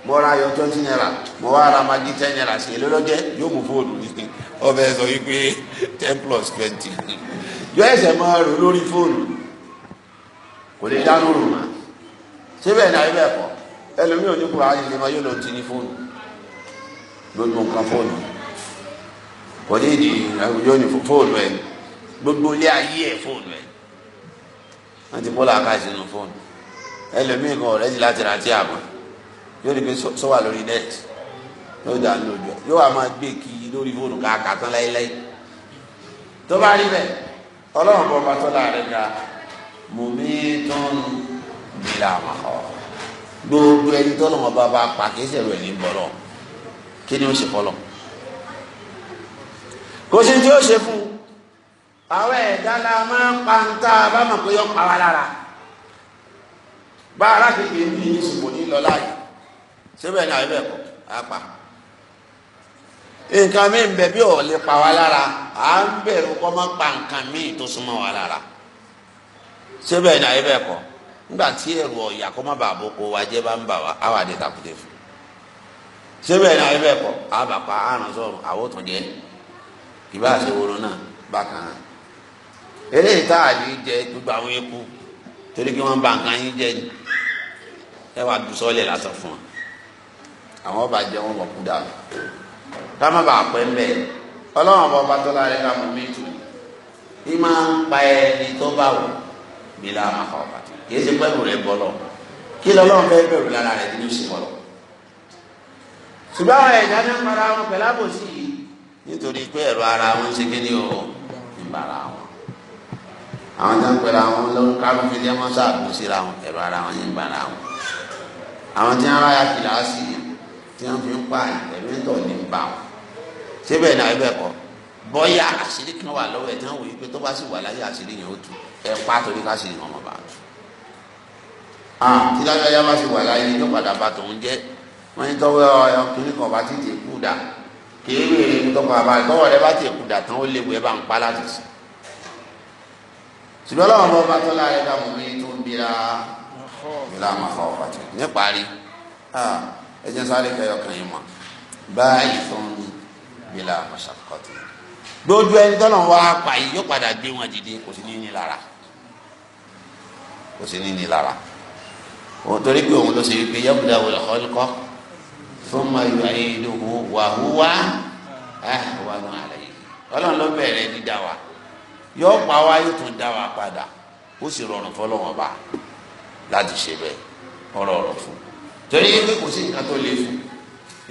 bọ́ra ayọ twenty naira mo wá ara magi ten naira sí èlò lọ́jẹ́ yóò mú fóònù yìí ọbẹ̀ sọ wípé ten plus twenty yọ ẹsẹ̀ máa rò lórí fóònù kò lè dánú rò mà síbẹ̀ ní ayé bẹ́ẹ̀ kọ́ ẹlòmíràn ní kúrò ayé lè máa yóò lọ ti ní fóònù lójú nǹkan fóònù wọlé ìdí àwùjọ ní fóònù ẹ gbogbo ilé ayé ẹ fóònù ẹ wọn ti bọ́lá àkáṣe nù fóònù ẹlòmíì kan ọ̀rẹ́ ti láti ra tí a mọ̀ yóò rí pé sọ́wà lórí net yóò dá lójú ẹ yóò wá máa gbé kí lórí fóònù káàkà tán láéláé tó bá rí bẹ́ẹ̀ ọlọ́run bọ́ bá tọ́lá rẹ̀ ga mùmí tó ń bìlà gbogbo ẹni tọ́lọ́mọba bá pa kí ní bọ́lọ̀ kí ni ó sì fọlọ́ kò tí ó ṣe fún un àwọn ẹ̀dá la máa ń pa ń tá bá mọ̀ pé yọ pa wá lára bá arákùnrin ní ìṣòwò ní lọ láàyè síbẹ̀ ní àyẹ̀bẹ̀ kọ́ àpà nǹkan mi ń wa jẹ́ bá ń bà wá àwọn àdìtàkùtẹ̀ fún síbẹ̀ ní ìbá àṣeworo náà bákan náà eléyìí tá a lè jẹ gbogbo àwọn eku torí kí wọn bá nǹkan yín jẹ ni ẹ wàá dùn sọlẹ lásán fún wa àwọn ọba jẹ wọn wọkú dànù ká má bàa pẹ́ ń bẹ̀ ọlọ́run ọba ọba tọ́lá rẹ ká mú mi tù ní máa ń pa ẹni tó bá wù mí lára máa kọ ọba kì í ṣe pẹ́ẹ́rù rẹ bọ́ lọ kí lọ́lọ́run fẹ́ bẹ̀rù lára rẹ nínú ìṣèwọ́ lọ. ṣùgbọ́n ẹ̀dá náà ń para wọn pẹ̀lú àbòsí yìí nítorí pé ẹ̀rọ ara wọn ṣe kéde o ìbára wọn àwọn tó ń pẹ̀lú àwọn lọ́wọ́ kárún fi dé mọ́tò àgbo síra wọn ẹ̀rọ ara wọn ń bára wọn àwọn tí wọn ráyà kìláàsì tí wọn fi ń pa ẹ̀mí tọ̀ ní ń bá wọn síbẹ̀ náà ẹbẹ̀ kọ́ bọ́yá àṣírí kan wà lọ́wọ́ ẹ̀ tí wọn wòye pé tó bá sì wà láyé àṣírí yẹn ó tu ẹ̀ pa torí ká sì ní ọmọ bá tu. tí lágbájá bá sì wà kìí lè rí ibi tọkọ àbá ìtọwọ rẹ bá ti kú dàtàn ó léwu ẹ bá ń pa láti sùn ṣùgbọ́n láwọn ọmọ ọba tó láàrin dá mọ̀ mí tó ń bira ìlà màfà ọ̀fà tó ní parí ẹ jẹ́ sáré kẹyọ kan yìí mọ̀ báyìí tó ń bira mọ̀ṣàkọ́tì gbójú ẹni tọ́lọ̀ wá pa yìí yóò padà gbé wọn dìde kò sí ní lára kò sí ní lára torí pé òun ló ṣe wípé yẹ́bùdá wọlé kọ́ thumma yu'iduhu wa huwa ahwanu alayhi ọlọ́run ló bẹ̀rẹ̀ dídá wa yọ pa wá yóò tún dá wa padà ó sì rọrùn fọlọ́wọ́n bá láti ṣe bẹ́ẹ̀ ọ̀rọ̀ ọ̀rọ̀ fún torí pé kò sí nǹkan tó le fún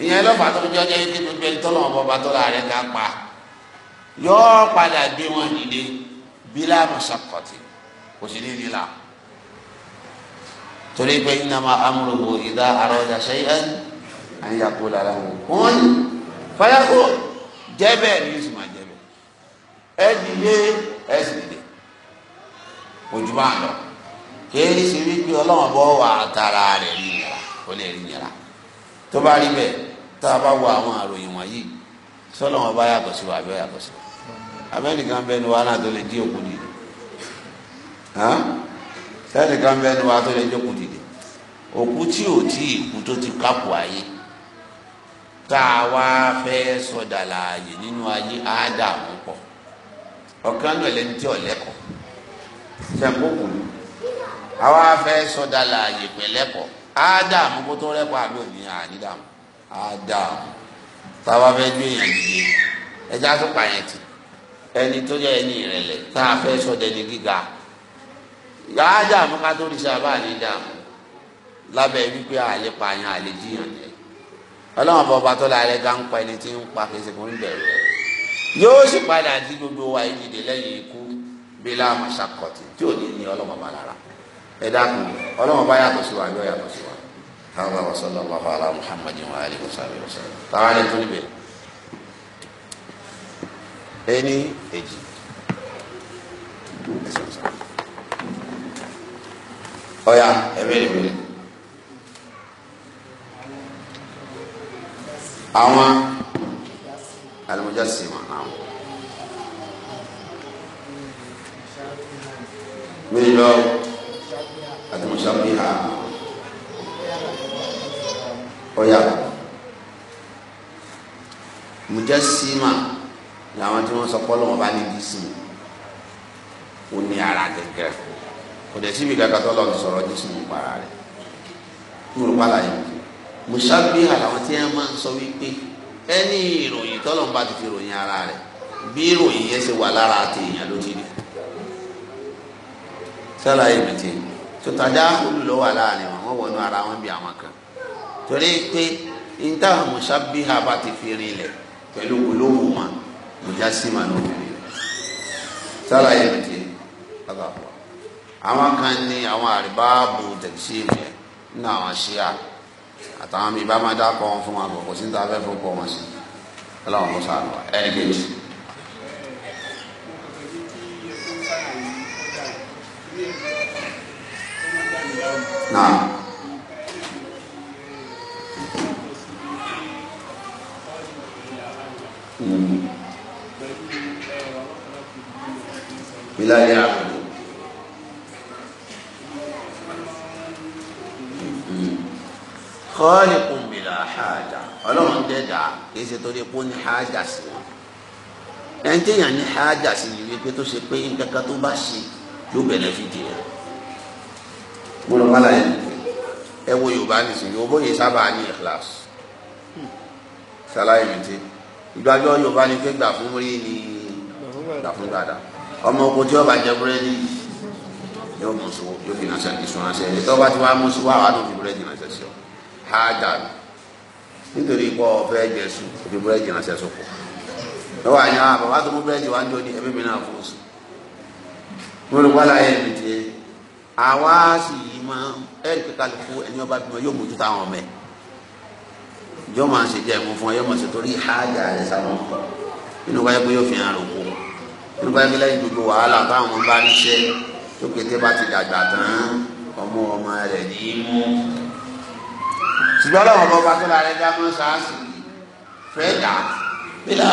ìyẹn lọ́fà tó ń jọjọ́ yìí kí gbogbo ẹni tọ́lọ́wọ́n bọ́ bá tọ́lá rẹ̀ ká pa yọ padà gbé wọn dìde bílá mọ̀sákọ̀tì kò sí ní nílà torí pé innama amruhu idha arada shay'an àyàkó lára wọn wọn ní fàyàkó jẹbẹ ní yusuf máa jẹbẹ ẹ dìde ẹ sì dìde ojú bá lọ kéèyàn ṣe wípé ọlọ́wọ́n bọ́ wà tara rẹ̀ ní ìyàrá ó lè rí ìyàrá tó bá rí bẹ́ẹ̀ tá a bá wo àwọn àròyìn wọ̀nyí sọlọ́wọ́n bá yàtọ̀ sí wa àbẹ́ yàtọ̀ sí wa abẹ́nìkan bẹ́ẹ̀ ni wàhálà tó lè dín òkú dìde sẹ́nìkan bẹ́ẹ̀ ni wàhálà tó lè dín òkú dìde òkú tí ò tí ì kú tó ti kápò ayé tá a wá fẹ́ sọdà láàyè nínú ayé á dà mú pọ̀ ọ̀kan náà lẹ́ni tí ọ̀lẹ́kọ̀ọ́ sẹ́ńkókò ni àwa fẹ́ sọdà láàyè pẹ̀lẹ́kọ̀ọ́ á dà mú kó tó rẹ́kọ̀ọ́ àbí òní àní dà mú á dà mú táwa fẹ́ ju èèyàn yìí ẹja tó pààyàn tì ẹni tó yẹ ẹni ìrẹ̀lẹ̀ tá a fẹ́ sọdẹ ní gíga yàá dà mú ká tó rí sábà ní dà mú lábẹ́ wípé àlepààyàn àlejìyàn yẹn ọlọ́run bá ọba tó la rẹ̀ ga ń pa ẹni tí ń pa kẹsẹ̀ kò ń bẹ̀rù rẹ̀ yóò sì padà di gbogbo wa ìdìde lẹ́yìn ikú bí láàmú ṣàkọ̀tì tí ò ní ní ọlọ́run ọba lára ẹ dákun ọlọ́run ọba yàtọ̀ sí wa ẹjọ́ yàtọ̀ sí wa. káwọn wa sọlọ wà fún ala muhammadin wa alihi wa sàbẹ wa sàbẹ táwa ní tóbi bẹ ẹni èjì ọyà ẹ bẹ̀rẹ̀ àwọn alimujasima náà méjì lọ alimusabiha ọyà mujasima làwọn tí wọn sọ pé Ọlọ́run bá ní dísìmù ó ní ara gẹ́gẹ́ kò dẹ̀ síbi kankan tó lọ́ọ́ sọ̀rọ̀ dísìmù para rẹ̀ kúrò pàlàyé mùsàbíhà làwọn tí wọ́n máa ń sọ wípé ẹni ìròyìn tọ́lọ́run bá ti fi ròyìn ara rẹ̀ bí ìròyìn yẹn ṣe wà lára àti èèyàn ló ti rí sálàyé mi ti tòtàdá olùlọ́wà láàrin wọn wọ́n wọnú ara wọn bí àwọn kan torí pé níta mùsàbíhà bá ti fi rinlẹ̀ pẹ̀lú olówó ma mùjásímà ló fi rinlẹ̀ sálàyé mi ti àwọn kan ní àwọn àríbáàbò tẹ̀síìmù yẹn nínú àwọn ṣíà àtàwọn mi bá máa dá kọ́ wọn fún wa bọ̀ kò sí ní ta fẹ́ fún kọ́ wọn sí ọlọ́run kò sáà lọ ẹni kejì. náà. ya. Hmm. khaliqun bila haja ọlọ́run dẹ́dà kì í ṣe torí pé ó ní haja sí wọn ẹni téèyàn ní haja sí ni wípé tó ṣe pé nǹkan kan tó bá ṣe yóò bẹ̀rẹ̀ fìdí rẹ̀ mo lọ bá láyé ẹ wo yorùbá nìsín yorùbá yìí sábà ní ikhlas ṣàlàyé mi ti ìgbàgbọ́ yorùbá ni pé gbà fún rí ni gbà fún gbàdá ọmọ oko tí ọba jẹ búrẹ́dì yóò mú sùn yóò fi náà ṣe ìsúná ṣe ètò tí wàá mú sùn wàá wàá lò fi búrẹ́dì náà hájà mi nítorí pọ̀ ọ̀fẹ́ jẹ̀sù òfi búrẹ́dì ránṣẹ́ sọ̀kọ̀ lọ́wọ́ àyàn àbàbà tó mú búrẹ́dì wá ń jọ ní ẹbí mi náà fún sùn mo lè wá láyé mi tiẹ̀ àwa sì yìí máa ẹ̀rì kíkà lè fún ẹni ọba bímọ yóò mójútó àwọn ọmọ ẹ̀ yóò máa ṣe jẹ́ ẹ̀mú fún ọ yóò máa ṣe torí hájà rẹ̀ sáwọn ọkọ̀ inú wáyé pé yóò fi hàn lóko inú wáyé pé lẹ́yìn gbogbo wàhálà táwọn ọmọ bá ń ṣùgbọ́n ọlọ́run ọba tó la rẹ dá mọ́ sáàsì fẹ́ẹ́dà bílà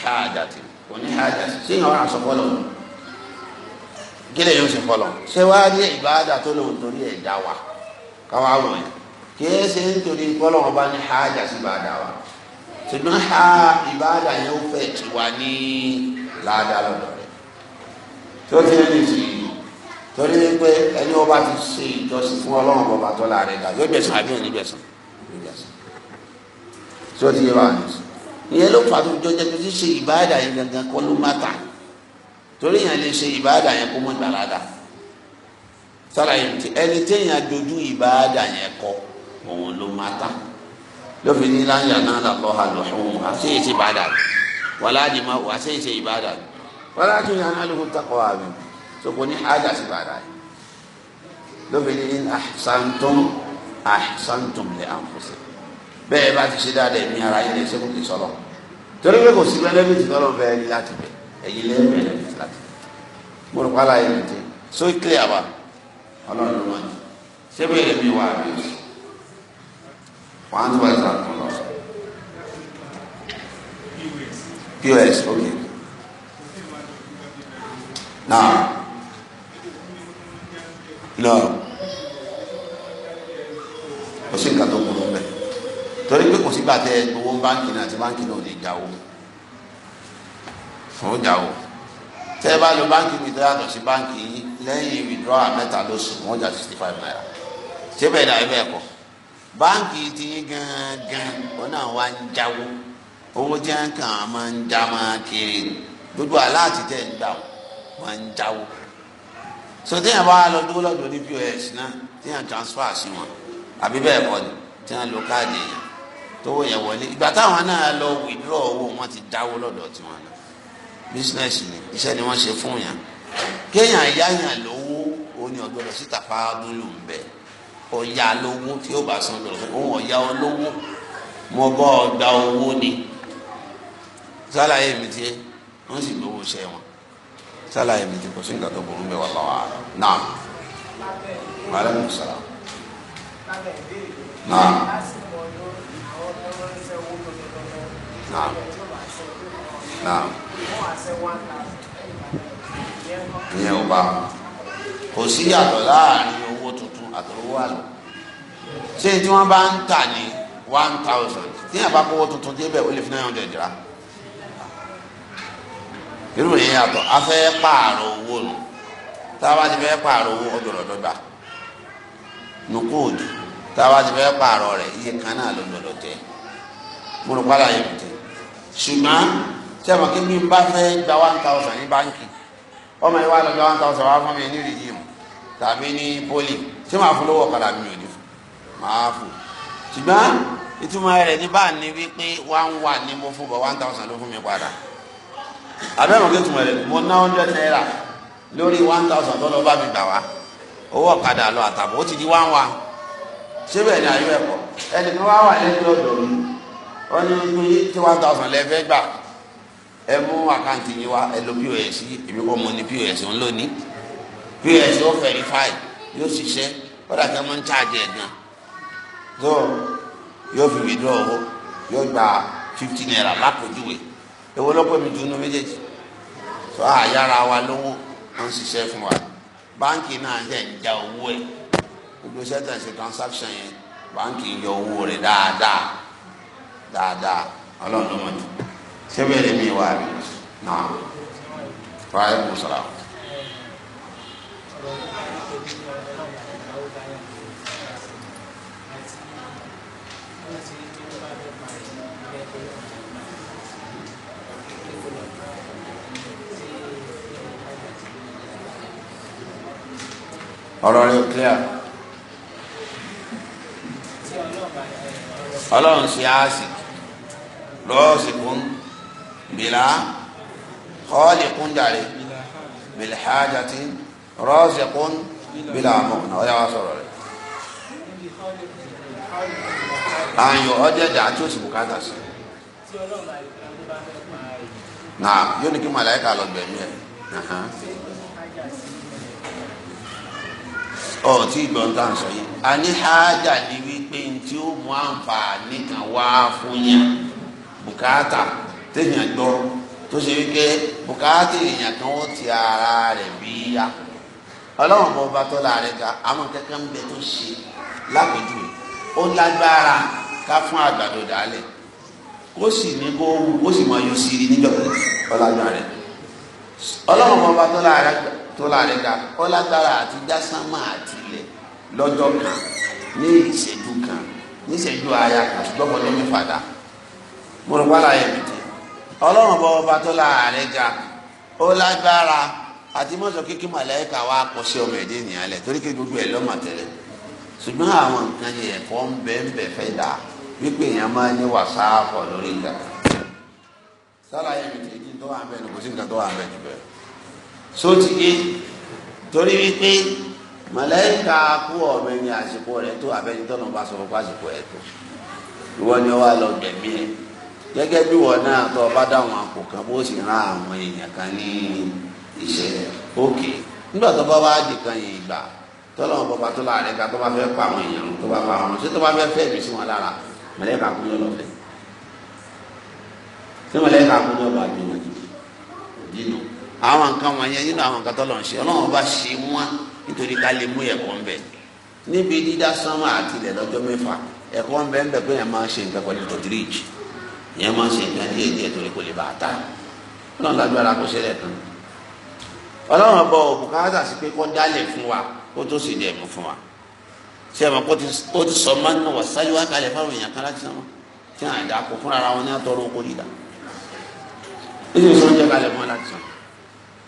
hájàtì òní hájàtì síyàn ọ̀rọ̀ àṣọ fọlọ́ gílẹ̀ yóò ṣe fọlọ́ ṣé wàá ní ìbáàdà tó lòun torí ẹ̀ dá wa káwá wọ̀ yẹn kìí ṣe nítorí fọlọ́ ọba ní hájàtì bá dá wa ṣùgbọ́n ha ìbáàdà yẹn ó tiwa ní ládàá lọ́dọ̀ rẹ̀ tó ti ń rìn sí i torí pé ẹni wọn bá ti ṣe ìjọsìn fún ọlọ́run bọ̀bà tó la rẹ̀ dà yóò gbẹ̀sán àbí òní gbẹ̀sán yóò gbẹ̀sán tí ó ti yẹ báyìí ìyẹn ló fà tó jọjọ tó ti ṣe ìbáàdà yẹn gangan kọ́ ló má ta torí yẹn lè ṣe ìbáàdà yẹn kó mọ́ ìgbàládà sára yẹn ti ẹni téèyàn dojú ìbáàdà yẹn kọ òun ló má ta lófin ní láyà náà làlọ́ àlọ́hùn àṣeyìí ṣe ìbáàdà wàlá àdìmọ́ àṣeyìí ṣe ìbáàdà wàlá àtúnyàn sọkò ní ájà sí bàrà yìí lóbìnrin in ahsantum ahsantum li anfusikum bẹ́ẹ̀ bá ti ṣe dáadáa ẹ̀mí ara yín lè ṣe kò kì í sọ̀rọ̀ torí pé kò sí bẹ́ẹ̀ bí tọ́lọ̀ bẹ́ẹ̀ ní láti bẹ̀ ẹ̀yin lé bẹ́ẹ̀ ní láti bẹ̀ mo rò pa mi ti so clear wa ọlọ́run ló wọ́n ṣé bẹ́ẹ̀ ẹ̀mí wà á bí o wọ́n á wá ìsàlẹ̀ kan lọ pos ok now náà o sí nǹkan tó kúrò ń torí pé kò sígbà tẹ owó báńkì náà àti báńkì náà ò lè já o fún ó já o tẹ ẹ bá lo báńkì mi tó yàtọ̀ sí báńkì yìí lẹ́yìn withdrawal mẹ́ta lóṣù wọ́n jà sixty five naira ṣé bẹ́ẹ̀ dàbí bẹ́ẹ̀ kọ́ báńkì ti yín gangan wọn náà wá ń jáwó owó tí wọn kàn án máa ń já máa kiri gbogbo aláàtì tẹ̀ ń gbà máa ń jáwó so téèyàn bá lọ dúró lọ́dọ̀ ní pos náà téèyàn transfer sí wọn àbí bẹ́ẹ̀ kọ́ ni téèyàn lo káàdì yẹn tówó yẹn wọlé ìgbà táwọn náà lọ withdraw owó wọn ti dáwó lọ́dọ̀ tiwọn lọ business ni iṣẹ́ ni wọ́n ṣe fún yàn kéèyàn yáyàn lówó òní ọ̀gbọ́dọ̀ síta fáadún ló ń bẹ ọ̀yà lówó tí ó bá san lọ́dọ̀ òun ọ̀yà olówó mo bọ́ ọ gba owó ni sálàyé mi tiẹ̀ wọ́n sì gbowó iṣẹ́ wọn sálàyé mi ti kò sí nǹkan tó burú bẹ́ẹ̀ wà lọ́wọ́ àrà náà wàhálà mi sọ̀rọ̀ náà náà náà ìyẹn ò bá kò sí yàtọ̀ láàrin owó tuntun àtọwọ́ àlọ́ ṣé tí wọ́n bá ń tà ní one thousand tí yàtọ̀ bá kówó tuntun débẹ̀ ó lè fi nine hundred rà. irú yẹn yàtọ̀ afẹ́ owó nù táwa ti owó ọdọọdọ táwa ti iye kan náà tẹ yẹn tẹ a bí n bá gba one thousand ní báńkì ọmọ yìí wà one thousand fún mi ní tàbí ní pólì tí màá fún lówó mi ò ní fún màá fún ìtumọ̀ àbẹ́ mọ̀ kí n tún mọ̀ rẹ̀ mo ná hundred naira lórí one thousand tó lọ bá mi gbà wá owó ọ̀kadà lọ àtàbọ̀ ó ti di one one ṣé bẹ́ẹ̀ ni àyọ̀ ẹ̀kọ́ ẹni tó wá wà lẹ́gbẹ̀ẹ́ ọ̀dọ̀ mi wọ́n ní pé tí one thousand lẹ fẹ́ gbà ẹ mú àkáǹtì yín wá ẹ lo pos e. èmi kọ́ mo ní pos ń e lò ní pos e ó verify yóò ṣiṣẹ́ kódà kí wọ́n ń ṣáàjì ẹ̀ gan so yóò fi withdraw owó yóò gba fifty naira lápòjúwe èwo ló pè mí dunu méjèèjì tó àyàrá wa lówó ó ń ṣiṣẹ́ fún wa báńkì náà ṣe ń ja owó ẹ̀ gbogbo ṣẹ́tẹ̀ ṣe transaction yẹn báńkì yọ owó rẹ̀ dáadáa dáadáa ọlọ́run ló mọ̀ ní sẹ́bẹ̀ lè mi wá mi náà wàá yẹ kó ọ̀rọ̀ rẹ̀ ò clear. ọlọ́run ṣe àásìk lọ́ọ̀sìkún bìlà kọ́ọ̀lìkún jàre bìlà hajjati rọ́ọ̀sìkún bìlà mọ̀nà ọ̀yà wa sọ̀rọ̀ rẹ̀. àyàn ọ̀jẹ̀dẹ̀ àti oṣù bùkátà sí. náà yóò ní kí màláìka lọ gbẹ̀mí ẹ̀. ọtí ìgbọ́n tá à ń sọ yìí a ní hájà ni wípé tí ó mú àǹfààní kan wá fún yẹn bùkátà téèyàn gbọ́ tó ṣe wípé bùkátà èèyàn kan ó ti ara rẹ̀ bíyà ọlọ́run bọ́ bá tọ́lá rẹ̀ ga àwọn kankan bẹ tó ṣe lápẹjù ó lágbára ká fún àgbàdo dálẹ̀ ó sì ní kó ó sì máa yọ sí i níjọba ọlágbára rẹ̀ ọlọ́run bọ́ bá tọ́lá rẹ̀ ga. tó láàrin ga àti lágbára àti ilẹ̀ lọ́jọ́ kan ní ìṣẹ́jú kan ní ìṣẹ́jú aya kan ṣùgbọ́n ní mi padà mo mi ọlọ́run bọ́ ọba tó láàrin ga àti mọ́tò kékeré wa sí ọmọ ẹ̀dẹ́ torí kí gbogbo ẹ̀ lọ́mọ ṣùgbọ́n àwọn nǹkan yẹn ń bẹ́ ń fẹ́ dà sóòtì yé torí wípé màláíkà kú ọmọ ẹni àsìkò rẹ tó abẹni tọnà bá sọ fún àsìkò ẹ tó ìwọ ni wàá lọ gbẹ̀mí ẹ gẹ́gẹ́ bí wọn náà tọ ọba dáhùn àpò kan bó sì rán àwọn èèyàn kan ní iṣẹ́ òkè nígbà tó bá wá di kan yìí gbà tọ́lọ́ wọn bọ́ba tó láàrin ká tó bá fẹ́ pa àwọn èèyàn tó bá pa àwọn ọ̀run ṣé tó bá fẹ́ fẹ́ mi sí wọn lára màláíkà kú yọ lọ́fẹ̀ẹ́ ṣé màláíkà kú yọ bá àwọn nǹkan wọ̀nyẹn nínú àwọn nǹkan tọ́lọ̀ ń ṣe ọlọ́run bá ṣe wọ́n nítorí ká lè mú ẹ̀kọ́ ń bẹ̀ níbi dídá sánmà àti ilẹ̀ lọ́jọ́ mẹ́fà ẹ̀kọ́ ń bẹ̀ ń bẹ̀ pé yẹn máa ń ṣe nǹkan pẹ̀lú tòdíríjì yẹn máa ń ṣe nǹkan a ta ọlọ́run kò tán ọlọ́run sí pé kó fún wa kó tó wa ṣé kó ti sọ máa ń wà sáyé wá kalẹ̀ fáwọn èèyàn kan láti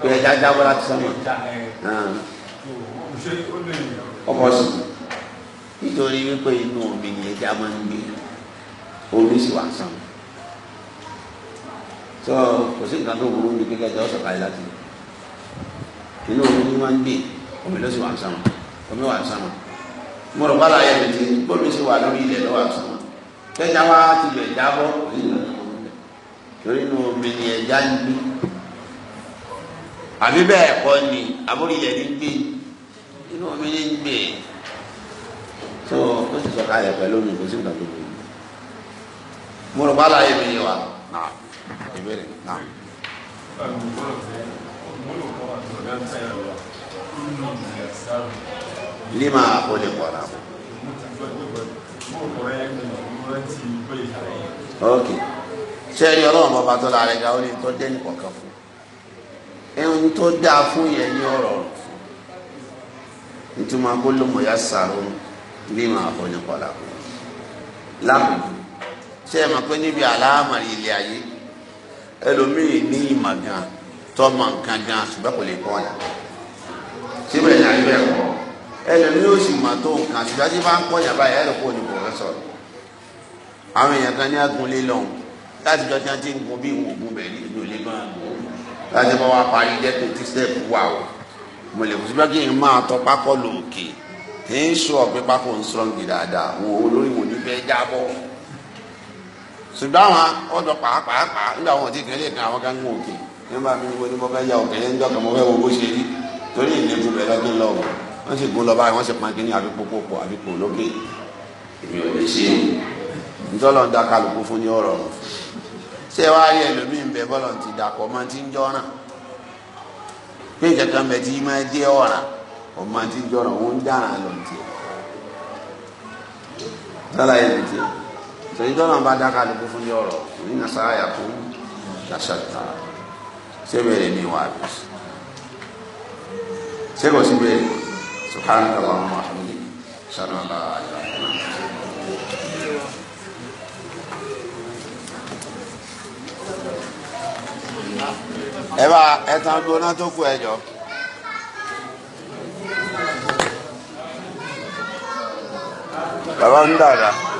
pé ẹja jábọ́ láti sánmọ̀ ah. ọkọ̀ sí nítorí wípé inú omi ni ẹja máa ń gbé omi sì wà sàn tó kò sí nǹkan tó burú ní kíkẹ́ ẹja ọ̀sán káyé láti inú omi ni wọ́n ń gbé omi ló sì wà sàn omi wà sàn mo rò bára ayé mi ti bómi sì wà lórí ilẹ̀ ló wà sàn tẹ́jà wá ti lè jábọ́ torí inú omi ni ẹja ń gbé àbí bẹ́ẹ̀ kọ́ ni àbórílẹ̀ ní gbé inú omi ní gbé tó ó sì sọ kalẹ̀ pẹ̀lú omi kò sí nǹkan tó gbé mo rò bàlá yé mi yé wa nà ìbéèrè nà. lima o le kọra. ok sẹ́yìn ọlọ́run bọ́ bá tọ́ la rẹ̀ ga ó lè tọ́jú ẹnì kọ̀ọ̀kan fún ẹ̀hún tó dáa fún yẹn ní ọ̀rọ̀ ntoma kolo mọ̀ya sàrò bí mà á kọ́ ní kọ́lá kọ́ lápẹ̀jù ṣé ẹ mọ̀ pé níbi àlámàrí ilé ayé ẹlòmíì ní ìmọ̀ gan tọ́mọ̀ nǹkan gan ṣùgbọ́n kò lè kọ́ ọ̀la síbẹ̀ ní ayé bẹ́ẹ̀ kọ́ ẹlòmíì ó sì mọ̀ tó nǹkan ṣùgbọ́n tí bá ń kọ́ yàrá yẹn ẹlòmíì kò ní kò rẹ́ sọ̀rọ̀ àwọn èèyàn kan ní agunlé lọ́hùn láti jọ ti ń gun bí ìwògùn bẹ̀rẹ̀ ní ìlú ilé gan láti bá wa parí jẹ́ tó ti step wà o mo lè kùsùn bẹ́ẹ̀ kí n máa tọ́ pákọ́ lòkè kì í sọ ọ̀pẹ pákọ́ ń strong dáadáa wọn olórí wọn ò ní fẹ́ jábọ́ ṣùgbọ́n àwọn ọ̀dọ̀ pàápàá nígbà wọn ti kẹ́lẹ́ kan àwọn kan ń gòkè nígbà mi wo ni mo fẹ́ ya òkè yẹn ń jọ kàn mo fẹ́ wo bó ṣe rí torí ìlẹ́kù bẹ̀ lọ́dún lọ́wọ́ wọ́n sì gún lọ báyìí wọ́n sì pan kínní àbí pópópó àbí pò lókè èmi ò lè ṣe é ní ṣé wàá rí ẹlòmíín bẹ bọ́lọ̀ ti dàpọ̀ máa ti ń jọ́ràn pé kankan bẹ tí máa jẹ́ ọ̀ràn ọ̀ máa ti ń jọ́ràn òun ń dàrán lọ ní tiẹ̀ sálà yẹn ní tiẹ̀ sọ̀rọ̀ ìjọ́nà bá dáká lóko fún ní ọ̀rọ̀ òní nasara yà kó kàṣàtà ṣé bẹ̀rẹ̀ mi wà bí ṣé kò sí bẹ́ẹ̀ subhanahu wa ta'ala muhammadu sallallahu alaihi ẹ bá ẹtàn gbóná tó kù ẹ jọ. bàbá ń dàda.